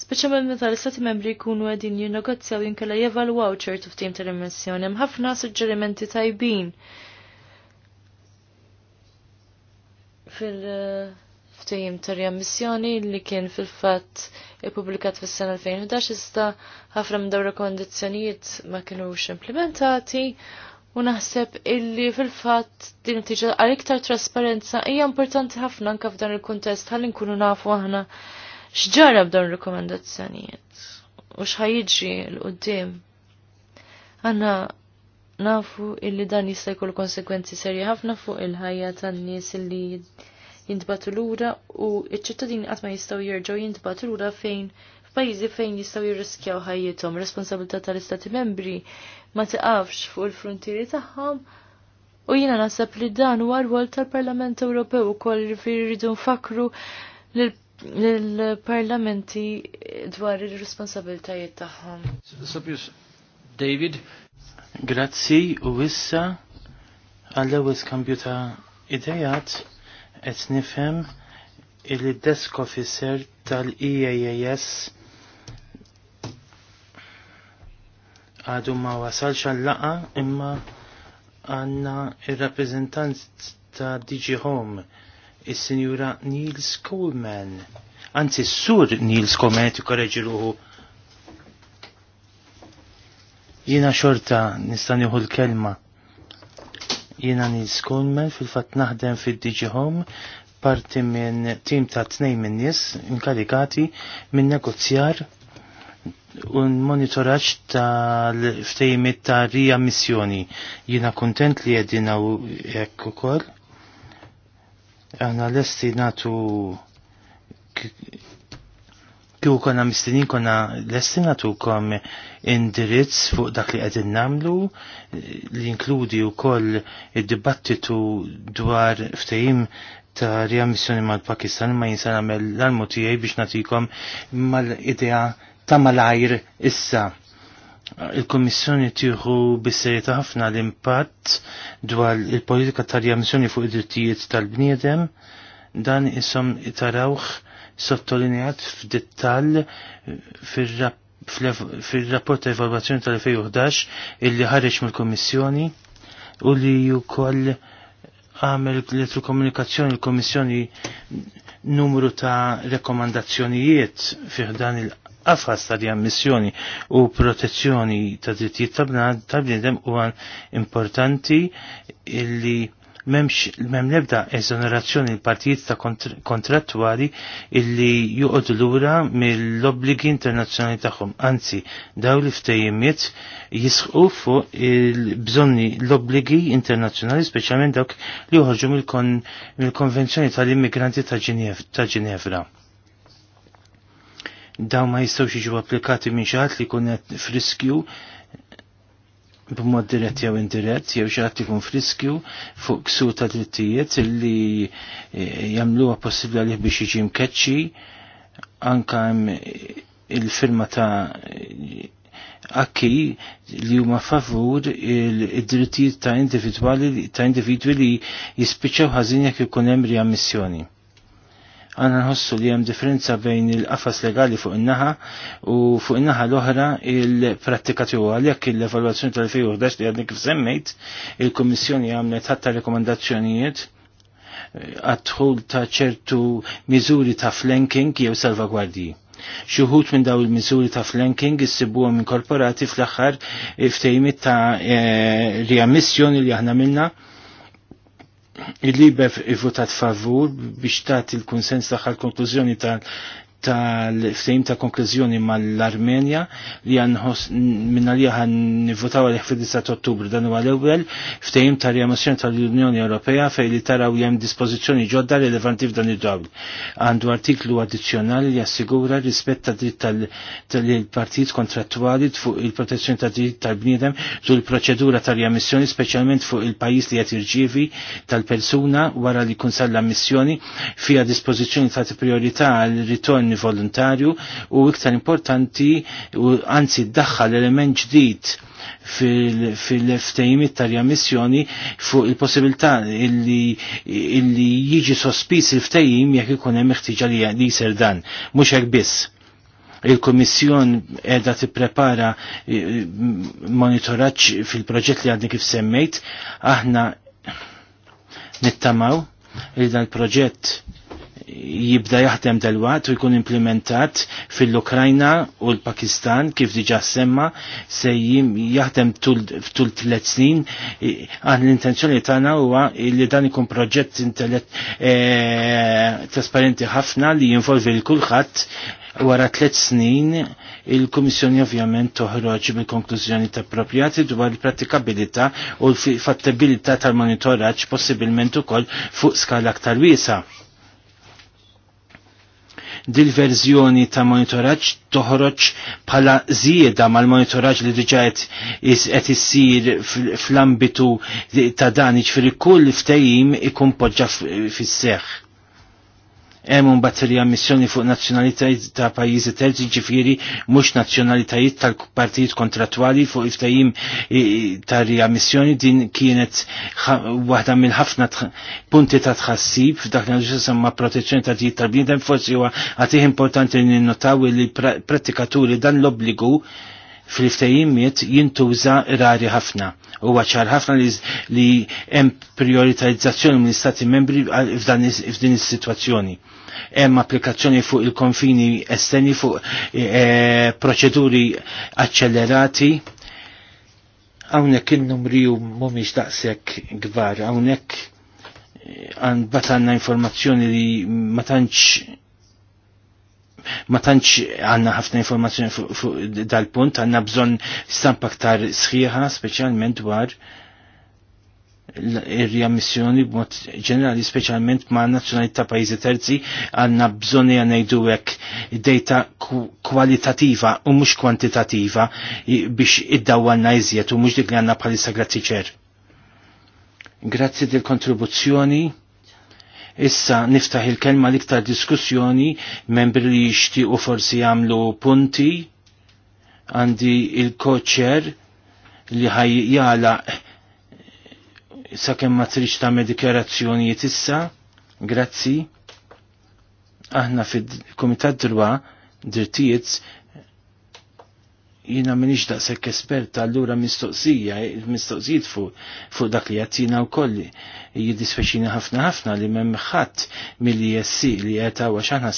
Speċjalment meta l-Istati membri jkunu qegħdin jinnegozjaw jinkella jevalwaw ċertu ftim tal-immissjoni hemm ħafna suġġerimenti tajbin fil-ftehim tal-riammissjoni li kien fil-fatt ippubblikat fis-sena 2011 iżda ħafna minn dawra kondizzjonijiet ma kinux implementati u naħseb illi fil-fatt din tiġi għal iktar trasparenza hija importanti ħafna anke f'dan il-kuntest ħalli nkunu nafu aħna x'ġara b'dawn rekomendazzjonijiet u x'ħajġi l qoddim Għanna nafu illi dan jista' konsekwenzi serji ħafna fuq il-ħajja tan-nies illi jintbatu lura u iċ ċittadin qatt ma jistgħu jerġgħu l-ura fejn f'pajjiżi fejn jistgħu jirriskjaw ħajjithom. Responsabilità tal-Istati Membri ma tiqafx fuq il-frontieri tagħhom U jina nasab li dan huwa rwol tal-Parlament Ewropew ukoll li rridu nfakru l-parlamenti dwar il-responsabiltajiet tagħhom. Sabius David. Grazzi u issa għall-ewwel skambju ta' idejat qed nifhem il-desk officer tal-EAAS għadu ma wasalx għall-laqa imma għanna il-rappresentant ta' DG Home is-Sinjura Niels Coleman. Anzi, s-sur Niels Coleman korreġi ruħu. Jiena xorta nista' nieħu l-kelma. Jiena Niels Coleman fil-fatt naħdem fid-Digi Home parti minn tim ta' tnejn minn nies inkarikati minn negozjar un monitoraċ tal-ftejmit ta' rija missjoni. Jina kontent li jedina u ekk ukoll Għana l-esti natu kju konna mistinin konna l-esti natu kom indirizz fuq dak li għedin namlu li inkludi u koll id-dibattitu dwar ftejim ta' riammissjoni mal-Pakistan ma jinsan għamel l-almu tijaj biex natikom mal-idea ta' malajr issa il-Kommissjoni tieħu bissejta ħafna l-impatt dwar il-politika tal-jamżjoni fuq id-drittijiet tal-bniedem dan isom tarawħ sottolinjat f'dettall fil-rapport ta' evalwazzjoni tal-2011 illi ħareġ mill-Kommissjoni u li wkoll għamel l komunikazzjoni l-Kommissjoni numru ta' rekomandazzjonijiet fih dan il- għafħas ta' di ammissjoni u protezzjoni ta' drittijiet ta' u huwa importanti illi memx mem nebda eżonerazzjoni l-partijiet ta' kontrattwali illi juqod lura mill-obbligi internazzjonali tagħhom. Anzi, daw li ftejjimiet jisħu fuq il-bżonni l-obbligi internazzjonali, speċjalment dawk li joħorġu mill-konvenzjoni tal-immigranti ta' Ginevra daw ma jistaw jiġu applikati minn xaħat li kun friskju b'mod dirett jew indirett jew xaħat li kun friskju fuq ksu ta' drittijiet li eh, jamluwa possibla li biex jiġi mkeċċi anka il-firma ta' akki li huma favur id-drittijiet ta' individwali ta' individwi li jispiċċaw ħażin jekk ikun hemm riammissjoni għana nħossu li hemm differenza bejn il-qafas legali fuq in-naħa u fuq in-naħa l-oħra il-prattika tiegħu Jekk l-evalwazzjoni tal-2011 li għadni kif semmejt il-Kummissjoni għamlet ħatta rekomandazzjonijiet eh, għadħul ta' ċertu miżuri ta' flanking jew salvagwardji. Xuħut minn daw il-miżuri ta' flanking issibuhom inkorporati fl-aħħar ftejmit ta' eh, riammissjoni li aħna minna il i votat favur biex tat il-konsens taħħal l-konklużjoni tal-ftejm ta' konklużjoni mal-Armenja li għanħos minna li għan nivvotaw għal fil ta' ottubru dan huwa l-ewwel ftejm ta' riamozzjoni tal-Unjoni Ewropea fejn li taraw hemm dispożizzjoni ġodda rilevanti f'dan id-dawl. Għandu artiklu addizzjonali li assigura rispett ta' dritt tal-partit kontrattwali fuq il-protezzjoni ta' dritt tal-bniedem tul proċedura ta' riammissjoni speċjalment fuq il-pajjiż li qed tal-persuna wara li kun sal-ammissjoni fija dispożizzjoni ta' priorità għal ritorn ġini volontarju u iktar importanti u anzi daħħal element ġdid fil-ftejimit tal missjoni fuq il-possibilità illi, illi jiġi sospis il-ftejim jekk ikun hemm iħtiġa li jiser dan, mhux hekk biss il-Komissjon edha tipprepara eh, monitoraġġ fil-proġett li għadni kif semmejt, aħna nittamaw li dan il-proġett jibda jaħdem dal-waqt u jkun implementat fil-Ukrajna u l-Pakistan kif diġa semma se jaħdem tul tliet snin għan l-intenzjoni tagħna huwa li dan ikun proġett eh, trasparenti ħafna li jinvolvi l-kulħadd wara tliet snin il-Kummissjoni ovvjament toħroġ bil-konklużjoni ta' propjati dwar il prattikabilità u l fattabilità tal-monitoraġġ possibilment ukoll fuq skala aktar wiesa' dil-verżjoni ta' monitoraġġ toħroġ bħala zieda mal-monitoraġġ li diġa qed issir fl-ambitu ta' dan, ġifieri kull ftehim ikun poġġa fis-seħħ hemm imbagħad li ammissjoni fuq nazzjonalitajiet ta' pajjiżi terzi ġifieri mhux nazzjonalitajiet tal-partijiet kontrattwali fuq iftajim ftajim ta' riammissjoni din kienet waħda minn ħafna punti ta' tħassib f'dak li semma protezzjoni ta' diritt tal-bniedem forsi huwa għatih importanti li ninnotaw li prattikaturi dan l-obbligu fil ftajimiet jintuża rari ħafna. U ċar ħafna li hemm prioritizzazzjoni minn Stati membri f'din is-sitwazzjoni. Hemm applikazzjoni fuq il-konfini esteni fuq e, proċeduri accelerati hawnhekk il numri mhumiex daqshekk kbar, hawnhekk eh, għan batanna informazzjoni li ma tantx ma tantx għandna ħafna informazzjoni fuq dal-punt, għandna bżonn stampa aktar sħiħa, speċjalment dwar ir-riammissjoni b'mod ġenerali, speċjalment ma' nazzjonalità ta' pajjiżi terzi, għandna ja ngħidu hekk data kwalitativa u mhux kwantitativa biex iddawwanna iżjed u mhux dik li għandna bħalissa grazzi ċer. Grazzi dil kontribuzzjoni Issa niftaħ il-kelma liktar diskussjoni membri li jixtiequ forsi jagħmlu punti għandi il-koċer li ħaj jala sakemm ma triċ tagħmel dikjarazzjonijiet issa. Grazzi. Aħna fil komitat Drwa, Dirtijiet jina minix daqsek esperta allura mistoqsija, mistoqsijiet fuq fu dak li jattina u kolli. Jiddisfeċina ħafna ħafna li mem ħadd mill-li jessi li jeta għax aħna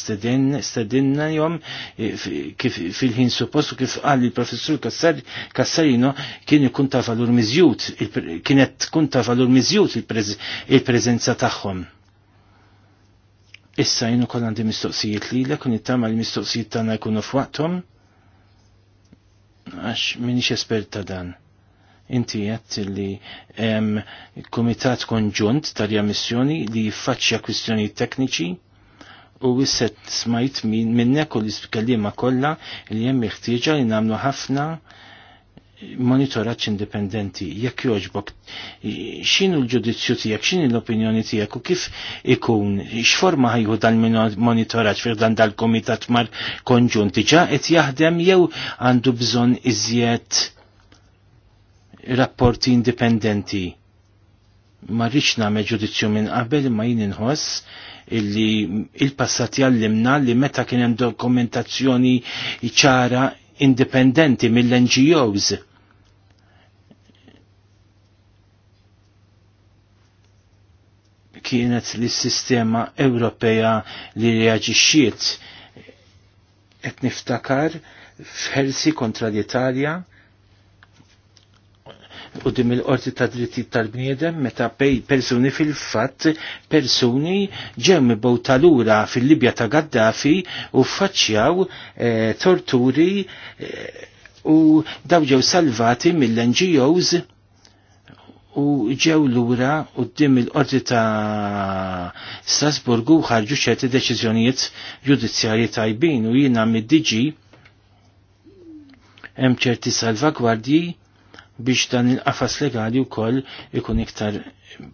stedinna jom e, fil-ħin suppost u kif qal il-professur Kassarino kien ikun ta' valur kien kienet kun ta' valur mizjut il-preżenza tagħhom. Issa jenu kol għandi mistoqsijiet li l-ekun it-tama l-mistoqsijiet tana jkunu f'waqtom għax minix espert ta' dan. Inti għett li em, komitat konġunt tal-jamissjoni li jiffaċċja kwistjoni tekniċi u wisset smajt minnek u l-iskallima kolla li jemmi ħtieġa li namlu ħafna monitoraċ indipendenti, jekk joġbok, xinu l-ġudizzju tijak, xinu l-opinjoni tijak u kif ikun, xforma ħajju dal-monitoraċ fir dan dal-komitat mar konġunti, ġa et jaħdem jew għandu bżon iżjed rapporti indipendenti. Ma rriċ nagħmel ġudizzju minn qabel ma jien inħoss illi il-passat jallimna li meta kien hemm dokumentazzjoni ċara indipendenti mill-NGOs kienet li s-sistema Ewropea li reaġixxiet qed niftakar f'Helsi kontra l-Italja u dim il-qorti ta' dritti tal-bniedem meta pej persuni fil-fatt persuni ġew mibgħutalura fil-Libja ta' Gaddafi u faċċjaw e, torturi e, u daw ġew salvati mill-NGOs u ġew lura u dim il-qorti ta' Strasburgu ħarġu ċerti deċiżjonijiet ġudizzjarji tajbin u jiena mid-diġi hemm ċerti salvagwardji biex dan il-qafas legali wkoll ikun iktar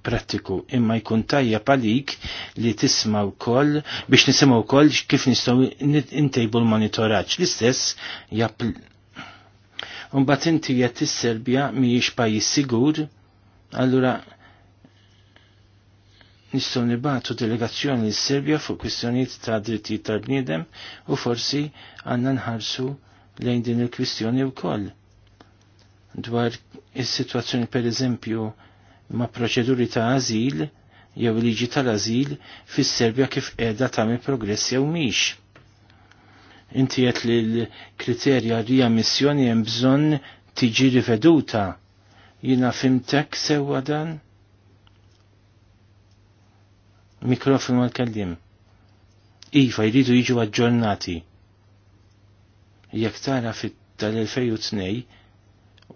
prattiku imma jkun tajja palik li tisma koll biex nisimgħu wkoll kif nistgħu intejbu l-monitoraġġ l-istess japp Un batinti qed is-Serbja mhijiex pajjiż sigur Allura nistgħu nibatu delegazzjoni l-Serbja fuq kwistjonijiet ta' drittijiet tal-bniedem u forsi għandna nħarsu lejn din il-kwistjoni wkoll dwar is-sitwazzjoni pereżempju ma' proċeduri ta' azil jew liġi tal-azil fis-Serbja kif qiegħda tagħmel progress jew mhix. Inti qed li l-kriterja rija missjoni hemm bżonn tiġi riveduta Jina fimtek sewa dan? Mikrofon ma kellim. Iva, jridu jiġu aġġornati. Jek tara fit tal-2002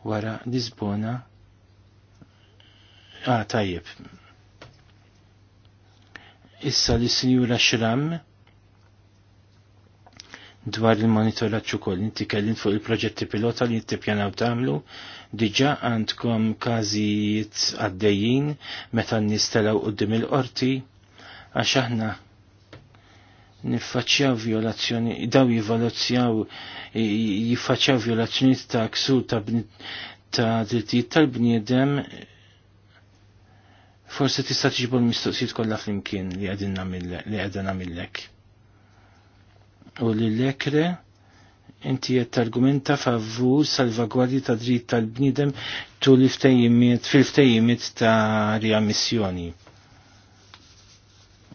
wara Lisbona. Ah, tajjeb. Issa li sinjura Xram dwar il-monitoraġġ ukoll inti kellin fuq il-proġetti pilota li tippjanaw tagħmlu diġà għandkom każijiet għaddejjin meta nistelaw qudiem il-qorti għax aħna niffaċċjaw violazzjoni, daw jivoluzzjaw, jiffaċċjaw violazzjoni ta' ksu ta' ta' drittijiet tal-bniedem forse tista' tiġbol mistoqsijiet kollha flimkien li qegħdin nagħmillek u li l-ekre inti jett argumenta favur salvagwardji ta' dritt tal-bnidem tu fil-ftejjimiet ta' riammissjoni.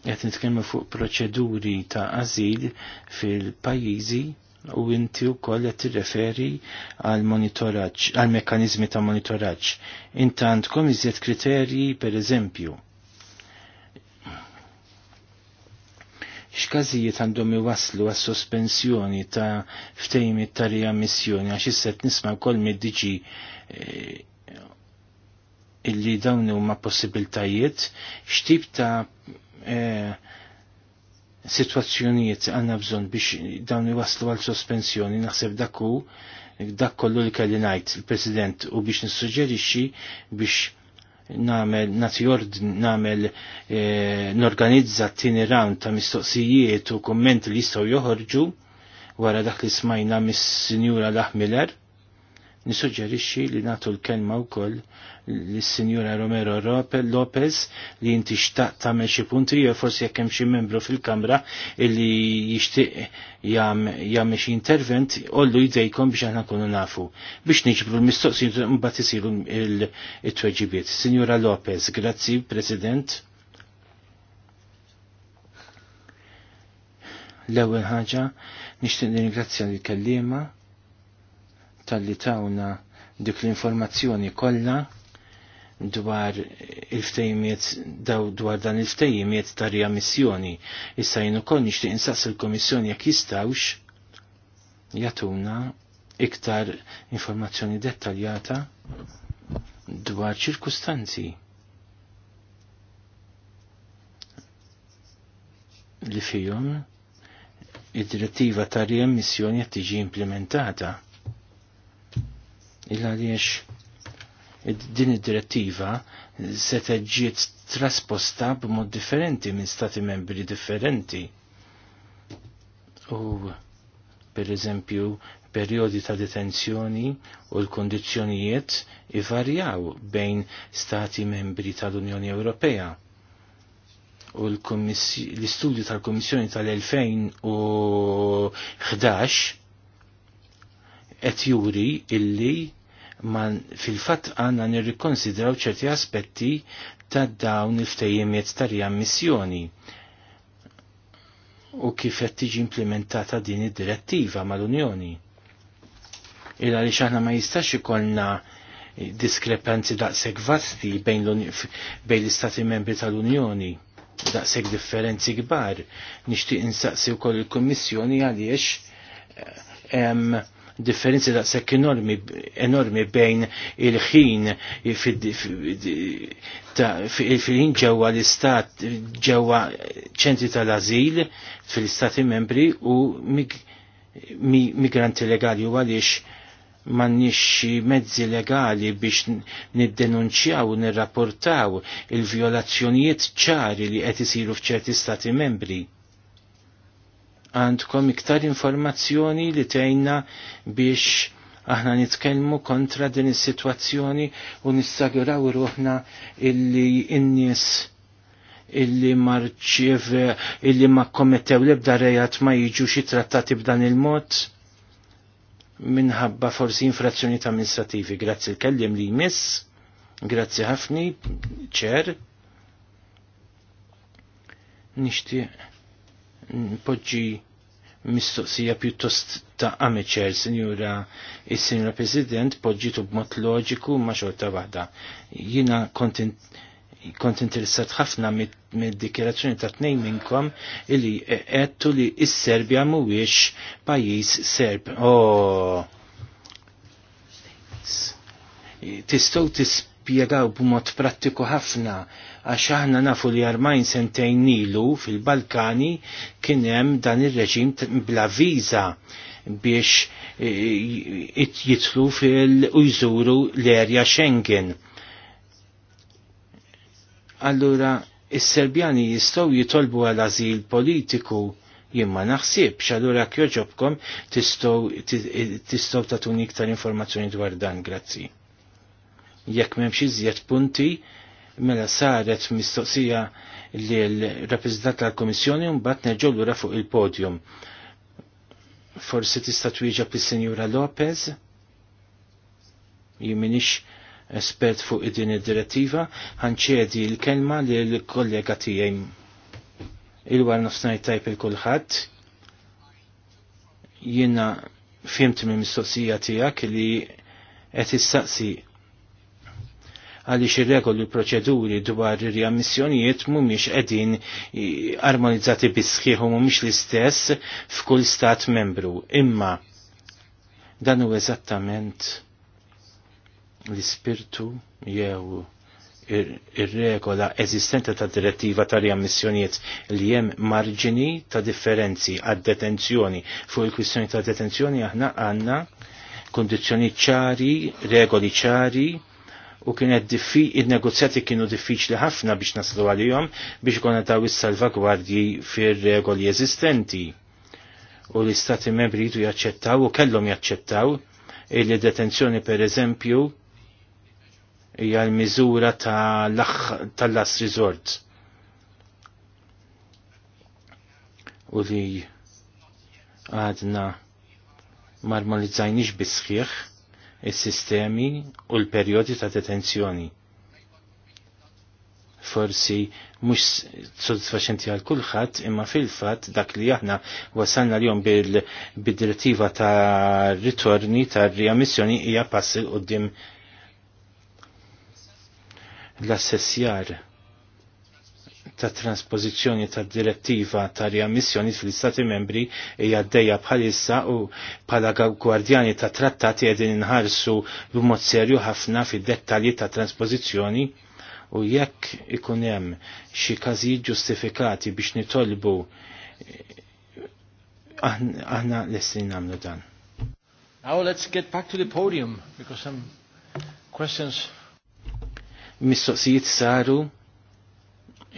Jett nitkellmu fuq proċeduri ta' azil fil-pajjiżi u inti u koll jett referi għal monitoraġġ, għal mekkanizmi ta' monitoraġġ. Inta għandkom iżjed kriterji, per eżempju, x'każijiet għandhom iwaslu għas sospensjoni ta' ftejmi ta' riammissjoni għax isset nisma' wkoll mid-diġi eh, illi dawn huma possibiltajiet x'tip ta' eh, situazzjonijiet għanna bżon biex dawn iwaslu għal sospensjoni naħseb dakku dak kollu li kelli ngħid il-President u biex nissuġġerixxi biex namel nazjord namel e, norganizza t-tini round ta' mistoqsijiet u komment li jistaw joħorġu wara dak li smajna mis-sinjura Laħmiller Nisuġġerixxi li nagħtu l-kelma wkoll lis-Sinjura Romero Lopez li inti xtaq tagħmel xi punti jew forsi jekk hemm xi membru fil-Kamra illi jixtieq jagħmel xi intervent ollu jdejkom biex aħna nkunu nafu biex niġbru l-mistoqsijiet mbagħad isiru it-tweġibiet. Sinjura Lopez, grazzi President. l-ewwel ħaġa nixtieq ningrazzja lill kellima tal-li tawna dik l-informazzjoni kollha dwar il-ftejmiet daw dwar dan il-ftejmiet ta' riammissjoni. Issa jien ukoll nixtieq insaqs il-Komissjoni jekk jistawx jatuna iktar informazzjoni dettaljata dwar ċirkustanzi li fihom id-direttiva ta' riammissjoni qed tiġi implementata il-għaliex din id-direttiva se teġġiet trasposta b'mod differenti minn stati membri differenti. U per eżempju, periodi ta' detenzjoni u l-kondizjonijiet ivarjaw bejn stati membri tal-Unjoni Ewropea. U l-istudju tal komissjoni tal-2011 qed juri illi man fil-fatt għanna nirrikonsidraw ċerti aspetti ta' dawn il-ftejjemiet ta' riammissjoni u kif qed tiġi implementata din id-direttiva mal-Unjoni. Illa għaliex aħna ma jistax ikollna diskrepanzi daqshekk vasti bejn l-Istati membri tal-Unjoni daqshekk differenzi kbar. Nixtieq insaqsi wkoll il-Kummissjoni għaliex eh, differenzi da' sekk enormi, enormi bejn il-ħin fil-ħin ġewwa l-istat ġewwa ċentri tal-azil fil-istati membri u migranti legali u għaliex mannix mezzi legali biex niddenunċjaw u nirrapportaw il-violazzjonijiet ċari li qed isiru f'ċerti stati membri għandkom iktar informazzjoni li tgħinna biex aħna nitkellmu kontra din is-sitwazzjoni u nissaguraw ruħna illi in-nies illi marċiv illi ma kommettew l-ebda rejat ma jiġu xi trattati b'dan il-mod minħabba forsi infrazzjoni ta' amministrativi. Grazzi l-kellim li jmiss, grazzi ħafni, ċer. Nishtiq Poġġi mistoqsija pjuttost ta' amateur, sinjura il-Sinjura President, poġġi tu b'mod loġiku ma' xorta waħda. Jina kontent kont interessat ħafna mid-dikjerazzjoni ta' tnejn minnkom illi għedtu li s-Serbja mhuwiex pajjiż Serb. Oh. Tistgħu tispjegaw b'mod prattiku ħafna għax aħna nafu li armajn sentejn ilu fil-Balkani kien hemm dan ir-reġim bla viża biex e, e, jitlu fil u jżuru l-erja Schengen. Allura, is-Serbjani jistgħu jitolbu għal ażil politiku jimma naħsibx, allura kjoġobkom tistgħu tatuni iktar informazzjoni dwar dan, grazzi. Jekk m'hemmx iżjed punti, mela saret mistoqsija li l-rappresentant tal-Komissjoni mbagħad nerġgħu lura fuq il-podium. Forsi tista' twieġa is-Sinjura Lopez? Jien minix espert fuq din id-direttiva, ħanċedi l-kelma l kollega tiegħi il-war nofsnaj tajp il-kulħadd. Jiena fimt minn mistoqsija tiegħek li qed issaqsi għaliex ir-regoli proċeduri dwar ir-riammissjonijiet mhumiex qegħdin armonizzati bisħiħu mhumiex l-istess f'kull stat membru. Imma dan hu eżattament l-ispirtu jew ir-regola eżistenta ta' direttiva ta' riammissjonijiet li hemm marġini ta' differenzi għad detenzjoni fuq il-kwistjoni ta' detenzjoni aħna għandna kondizjoni ċari, regoli ċari, u kienet id-negozjati kienu diffiċli ħafna biex naslu għalihom biex ikun daw is-salvagwardji fir-regoli eżistenti. U l-istati membri jitu jaċċettaw u kellhom jaċċettaw il-li detenzjoni per eżempju hija l-miżura tal-last resort. U li għadna marmalizzajniex bisħiħ il sistemi u l-perjodi ta' detenzjoni. Forsi mhux sodisfaċenti għal kulħadd, imma fil-fatt dak li aħna wasalna l-jom bil direttiva ta' ritorni ta' riammissjoni hija passi qudiem l-assessjar ta' transpożizzjoni ta' direttiva ta' riammissjoni fl-Istati membri hija għaddejja bħalissa u bħala gwardjani ta' trattati qegħdin inħarsu b'mod serju ħafna fid-dettalji ta' transpożizzjoni u jekk ikun hemm xi każijiet ġustifikati biex nitolbu aħna lesti nagħmlu dan. Now let's get back to the podium because some questions Mistoqsijiet saru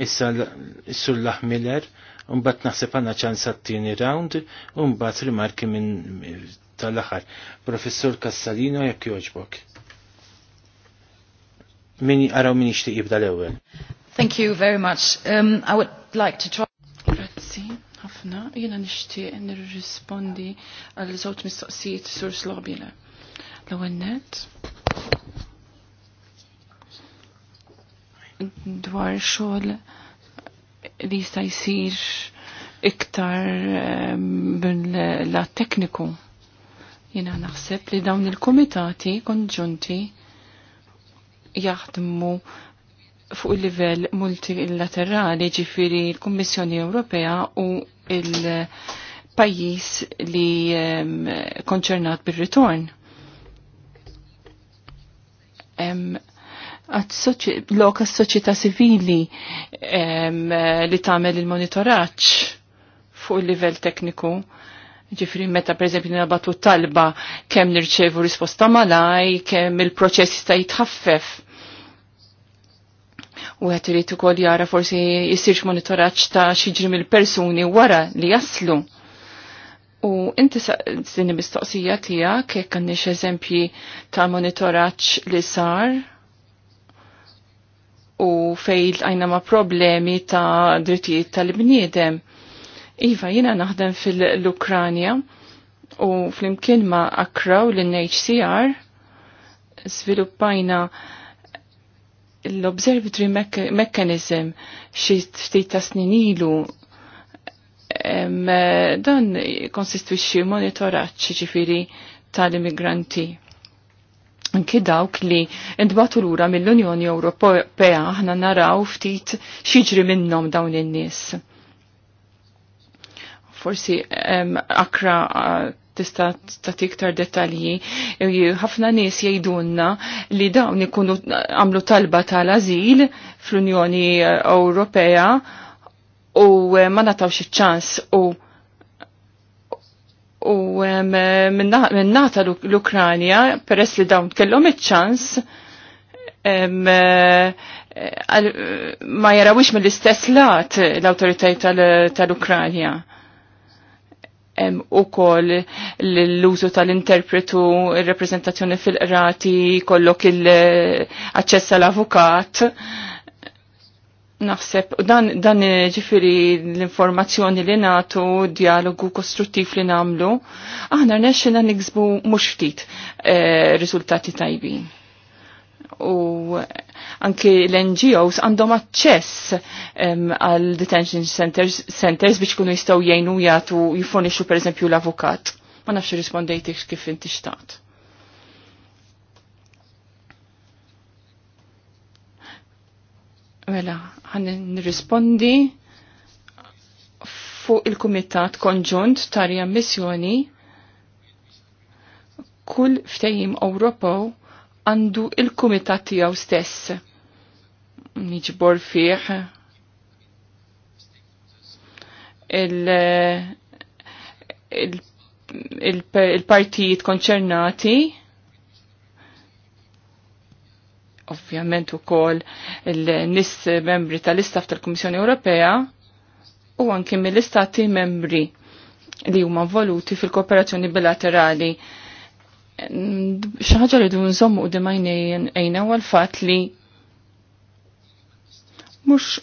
issa sur Laħ Miller, unbat naħseb għanna ċan sattini round, unbat rimarki minn tal-axar. Professor Kassalino, jek joġbok. Min għaraw min ixtiq jibda l-ewel. Thank you very much. Um, I would like to try... Grazzi, ħafna. Jena nishtiq nirrispondi għal-żewġ mistoqsijiet sur Slobile. l għennet dwar xogħol li jista' jsir iktar bil-la tekniku. Jina naħseb li dawn il-komitati konġunti jaħdmu fuq il-livell multilaterali ġifiri l-Kommissjoni Ewropea u il-pajis li konċernat bil-ritorn l-ok soċjetà sivili li tagħmel il-monitoraġġ fuq il-livell tekniku. Ġifri meta per eżempju nabatu talba kemm nirċevu risposta malaj, kemm il-proċess jista' jitħaffef. U għet irid ukoll jara forsi jisirx monitoraġġ ta' xiġri mill-persuni wara li jaslu. U inti s-sini mistoqsija tija kek għandix eżempji ta' monitoraġġ li sar u fejl għajna ma' problemi ta' drittijiet tal-bniedem. Iva, jina naħdem fil-Ukranja u fl-imkien ma' akraw l-NHCR sviluppajna l-Observatory Mechanism xie ftit ta' sninilu dan konsistwixxi monitoraċ ġifiri tal-immigranti Anki dawk li ndbatu lura mill-Unjoni Ewropea aħna naraw ftit xiġri minnhom dawn in-nies. Forsi akra tista' tagħti iktar dettalji. Ħafna nies jgħidulna li dawn ikunu għamlu talba tal-ażil fl-Unjoni Ewropea u ma natawx iċ-ċans u u minnata l-Ukranja, peress li dawn kellhom iċ-ċans, eh, ma jarawix mill-istess lat l-autoritajt tal-Ukranja. U kol l-użu tal-interpretu, il-reprezentazzjoni fil-qrati, kollok il eh, accessa l avukat Naħseb, dan, dan ġifiri l-informazzjoni li natu, dialogu kostruttiv li namlu, aħna rnexxina niksbu mhux ftit e, riżultati tajbin. U anki l-NGOs għandhom aċċess għal detention centers, centers biex kunu jistgħu jgħinu jagħtu per pereżempju l-avukat. Ma nafx rispondejtix kif inti xtaqt. Mela, għan nirrispondi fuq il-Kumitat Konġunt tarja Missjoni kull ftejim Ewropew għandu il-Kumitat tiegħu stess. Niġbor fih il-partijiet il, il, il konċernati ovvjament ukoll l nis membri tal-istaf tal-Kummissjoni Ewropea u anki mill-istati membri li huma voluti fil-kooperazzjoni bilaterali. ħaġa li dun zommu u demajnejn ejna u għal-fat li mux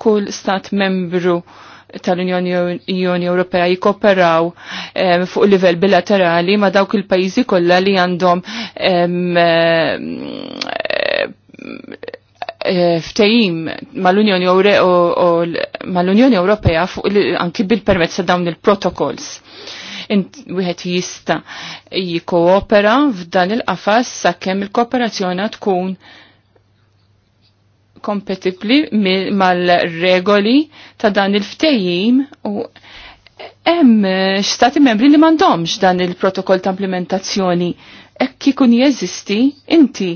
kull stat membru tal-Unjoni Ewropea jikoperaw um, fuq livell bilaterali ma dawk il-pajjiżi kollha li għandhom um, ftejim mal-Unjoni mal-Unjoni Ewropea anki bil-permezz ta' dawn il-protokolls. Wieħed jista jikkoopera f'dan il-qafas sakemm il-kooperazzjoni tkun kompetibli mal-regoli ta' dan il-ftejim u hemm stati membri li m'għandhomx dan il-protokoll ta' implementazzjoni. Hekk kun jeżisti, inti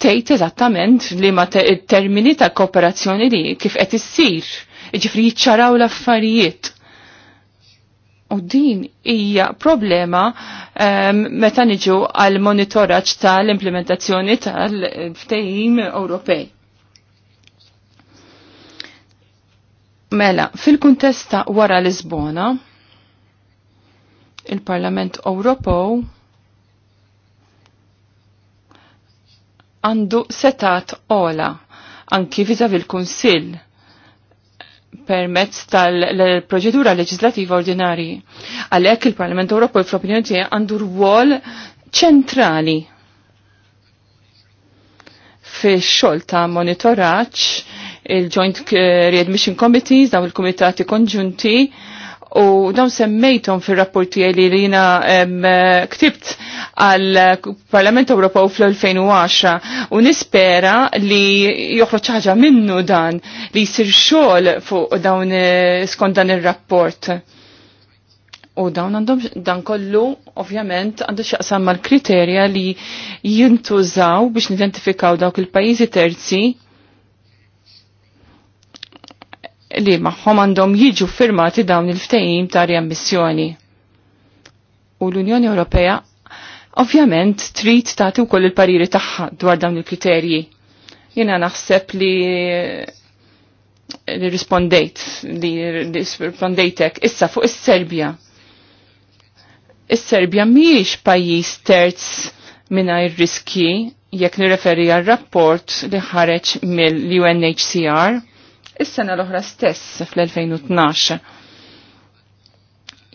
tgħid eżattament li ma termini ta' kooperazzjoni li kif qed issir, jiġifieri jiċċaraw l-affarijiet. U din hija problema ehm, meta niġu għal monitoraġġ tal-implementazzjoni tal-ftehim Ewropej. Mela, fil-kuntesta wara Lisbona, il-Parlament Ewropew għandu setat ola anki vizavi l-Kunsill permezz tal-proċedura leġislativa ordinari. Għalhekk il-Parlament Ewropew fl-opinjoni tiegħi għandu rwol ċentrali fix-xogħol ta' monitoraġġ il-Joint Readmission Committees, dawn il-Kumitati Konġunti, u dawn semmejthom fir-rapporti li jina ktibt għal Parlament Ewropew fl-2010 u nispera li joħroġ ħaġa minnu dan li jsir xogħol fuq dawn eh, skont dan ir-rapport. U dawn għandhom dan kollu ovvjament għandu xaqsam mal-kriterja li jintużaw biex nidentifikaw dawk il-pajjiżi terzi li maħħom għandhom jiġu firmati dawn il-ftejim ta' riammissjoni. U l-Unjoni Ewropea Ovvjament, trid tagħti wkoll il-pariri tagħha dwar dawn il-kriterji. Jiena naħseb li li rispondejt, li rispondejtek issa fuq is-Serbja. Is-Serbja mhijiex pajjiż terz mingħajr riski jekk nirreferi għal rapport li ħareġ mill-UNHCR is-sena l-oħra stess fl-2012.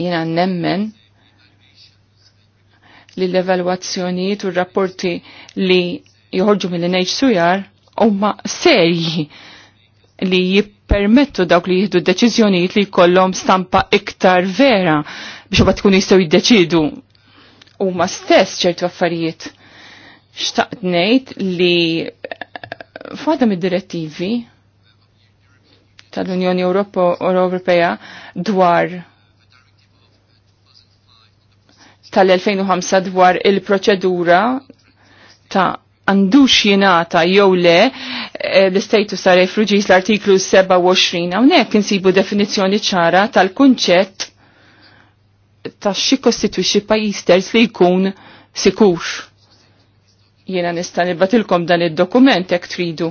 Jiena nemmen li l-evalwazzjonijiet u r-rapporti li joħorġu mill-NHCR e huma serji li jippermettu dawk li jihdu deċiżjonijiet li jkollhom stampa iktar vera biex ma tkun jistgħu jiddeċidu huma stess ċertu affarijiet. Xtaqt ngħid li eh, f'għadha mid-direttivi tal-Unjoni Ewropea dwar tal-2005 dwar il-proċedura ta' għandux jenata jew le eh, l-istatus ta' refugees l-artiklu 27 hawnhekk insibu definizzjoni ċara tal-kunċett ta' xi kostitwixxi pajjiż terz li jkun sikur. Jiena nista' batilkom dan id-dokument hekk tridu.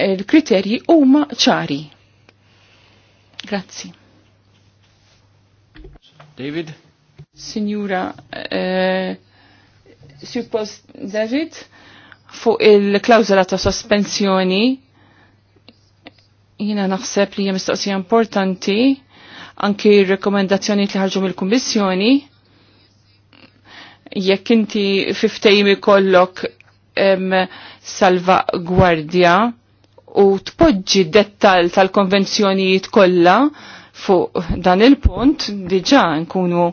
Il-kriterji huma ċari. Grazzi. David? Signora eh, Suppost David fuq il-klawzola ta' sospensjoni jina naħseb li hija mistoqsija importanti anki rekomendazzjoni li ħarġu mill-Kummissjoni jekk inti fiftejmi kollok salva gwardja u tpoġġi dettal tal-konvenzjonijiet kollha fuq dan il-punt diġà nkunu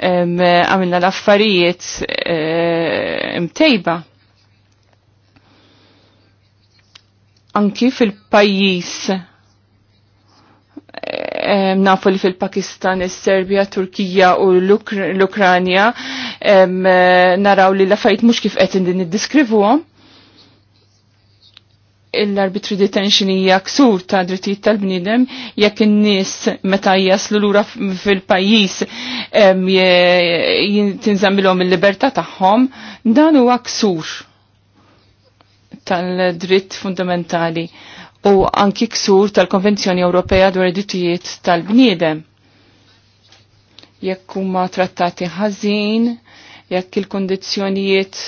għamilna l-affarijiet e, mtejba. Anki fil-pajis nafu li fil-Pakistan, il-Serbia, Turkija u l-Ukranja naraw li l-affarijiet mhux kif qed din iddiskrivuhom l-arbitri detention hija ksur ta' drittijiet tal-bniedem jekk in-nies meta jaslu lura fil-pajjiż tinżammilhom il-libertà tagħhom, dan huwa ksur tal-dritt fundamentali u anki ksur tal-Konvenzjoni Ewropea dwar id-drittijiet tal-bniedem. Jekk huma trattati ħażin, jekk il-kondizzjonijiet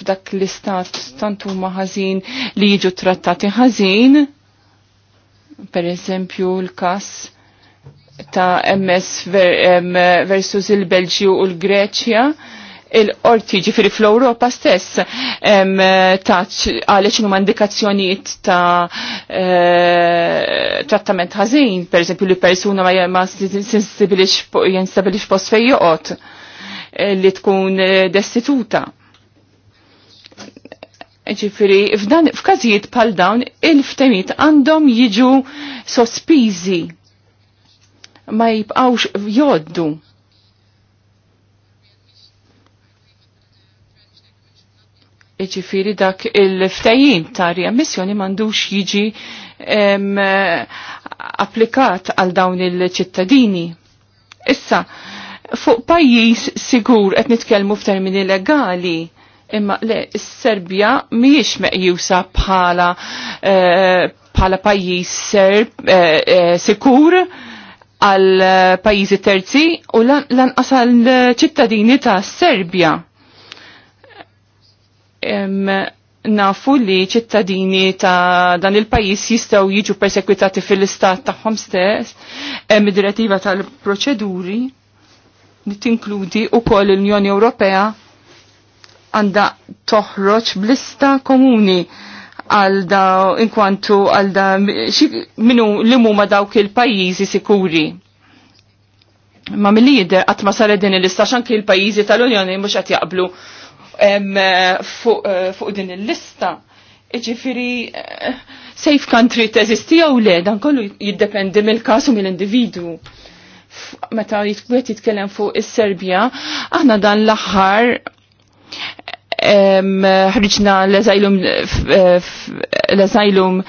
f'dak l-istat tantu huma ħażin li jiġu trattati ħażin, per eżempju l-kas ta' MS versus il-Belġju u l-Greċja, il-qorti ġifiri fl-Europa stess taċ għalix numa indikazzjoniet ta' eh, trattament ħażin, per eżempju li persuna ma jinstabilix post fejjoqot eh, li tkun eh, destituta. Ġifiri, f'każijiet pal dawn il-ftemiet għandhom jiġu sospiżi ma jibqawx joddu. Iġifiri dak il-ftajim ta' riammissjoni mandux jiġi em, applikat għal dawn il-ċittadini. Issa, fuq pajjiż sigur qed nitkellmu f'termini legali Imma le, s-Serbja miex meqjusa bħala eh, bħala pajjiż serb eh, eh, sikur għal pajjiżi terzi u lanqas għal ċittadini ta' Serbja. Nafu li ċittadini ta' dan il-pajjiż jistgħu jiġu persekwitati fil-istat tagħhom stess, hemm direttiva tal-proċeduri li tinkludi wkoll l-Unjoni Ewropea għanda toħroġ blista komuni għal da inkwantu għal da minu li ma dawk il-pajjiżi sikuri. Ma mill li għat ma sar din il-lista xanki il-pajjiżi tal-Unjoni mhux qed jaqblu eh, fuq din il-lista. Iġifiri, eh, safe country teżisti jew le, dan kollu jiddependi mill-każ u mill-individu meta jitkwet jitkellem fuq is-Serbja, aħna dan l-aħħar ħriġna l-asylum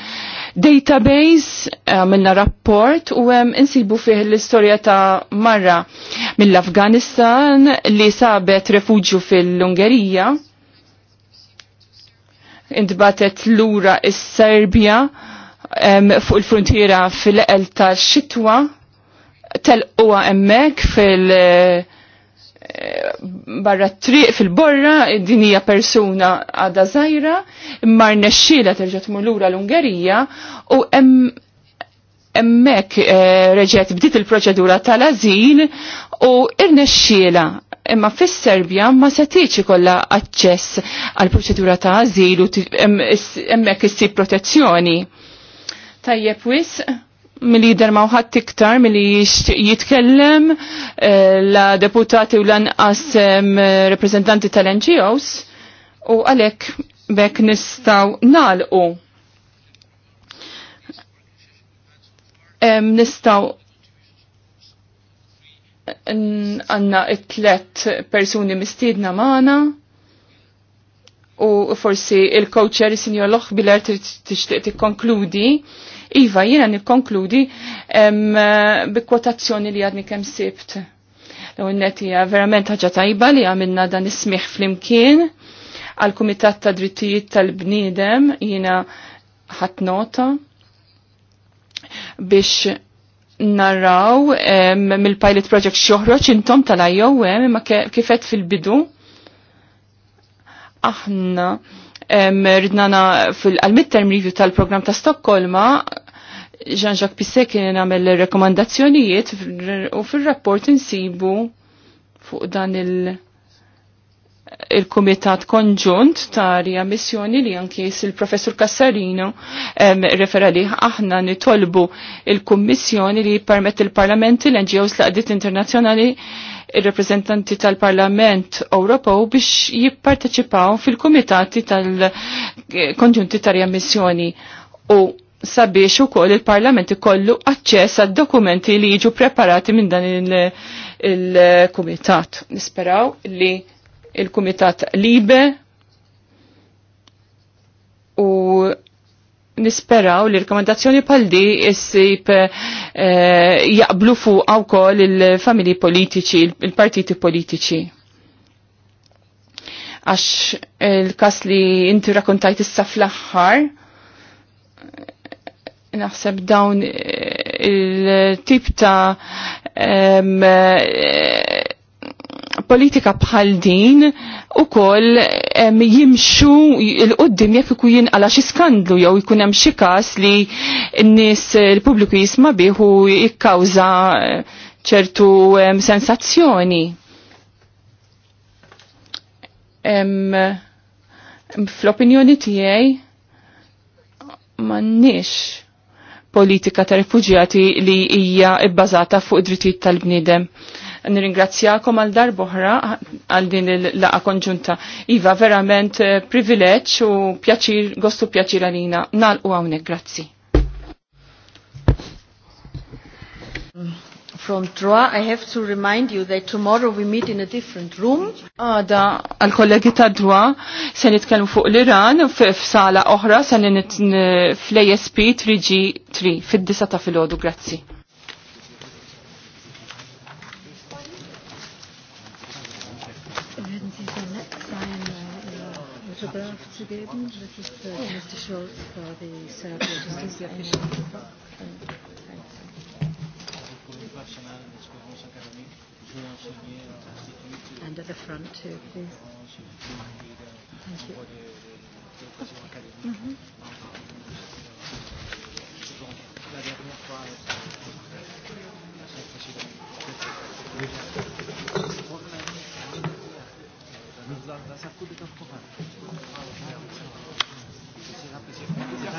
database, minna rapport u għem insibu fih l-istoria ta' marra mill-Afganistan li sabet refugju fil-Ungerija. Intbatet l-ura is-Serbja fuq il-frontiera fil-qel ta' xitwa tal-qwa emmek fil- barra triq fil-borra, din hija persuna għada zaħira, mar nesċila terġa tmur lura l-Ungerija u emmek eh, reġet bdiet il-proċedura tal-azil u irnexxiela imma fis-Serbja ma setiċ ikollha aċċess għall proċedura ta' azil u hemmhekk issib protezzjoni. Tajjeb wisq mill-li jidermaw ħadd iktar mill-li jitkellem eh, la deputati u lanqas reprezentanti tal-NGOs u għalhekk bekk nistgħu nagħlqu. Nistgħu għandna it-tlet persuni mistiedna magħna u forsi il-coacher il-sinjor Loħbiler tixtieq tikkonkludi. Iva, jiena nikkonkludi bi-kwotazzjoni li għadni kemm sibt. L-għunnet hija verament ħaġa tajba li għamilna dan ismiħ flimkien għal kumitat ta' drittijiet tal-bniedem jiena ħadd nota biex narraw mill-pilot project xoħroċ intom tal-IOM ma kifet fil-bidu aħna ridna fil-midterm review tal-program ta' Stokkolma Jean-Jacques Pisset kien għamel rekomandazzjonijiet u fil-rapport insibu fuq dan il- il-Kumitat Konġunt ta' Rija Missjoni li anki il-Professur Kassarino refera li aħna nitolbu il-Kummissjoni li permett il-Parlamenti l-NGOs l-Qadit internazzjonali il-reprezentanti tal-Parlament Ewropew biex jipparteċipaw fil-Kumitati tal-Konġunti ta' Rija Missjoni u sabiex ukoll il-Parlament ikollu aċċess għad dokumenti li jiġu preparati minn dan il-Kumitat. Nisperaw li il-Kumitat Libe u nisperaw li rekomendazzjoni pal di jissib eh, jaqblu fuq wkoll il-familji politiċi, il-partiti politiċi. Għax il-kas li inti rakontajt issa fl-aħħar, naħseb dawn il-tip ta' politika bħal din u koll jimxu l-qoddim jekk iku jinqala xi skandlu jew ikun hemm xi każ li n-nies il-pubbliku jisma' bih u jikkawża eh, ċertu sensazzjoni. Fl-opinjoni tiegħi m'għandniex politika ta' rifuġjati li hija bbażata fuq id-drittijiet tal-bniedem. Nirringrazzjakom għal darboħra għal din il-laqa konġunta. Iva, verament eh, privileġġ u pjaċir, gostu pjaċir għalina. Nal u għawnek, grazzi. From Troa, I have to remind you that tomorrow we meet in a different room. Għada, għal-kollegi ta' Troa, se nitkellmu fuq l-Iran, f'sala oħra, se fl-ASP 3G3, fid-disa ta' filgħodu. grazzi. Mr. Gabin, this is uh, Mr. Schultz for the Senate Justice Commission. And at the front too, please. Thank you. Mm -hmm. Thank you.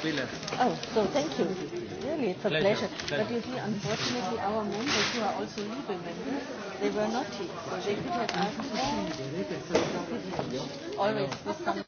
Oh, so thank you. Really, it's a pleasure. pleasure. But you see, unfortunately, our members who are also legal members, they were not here, so they could have asked. Always with some.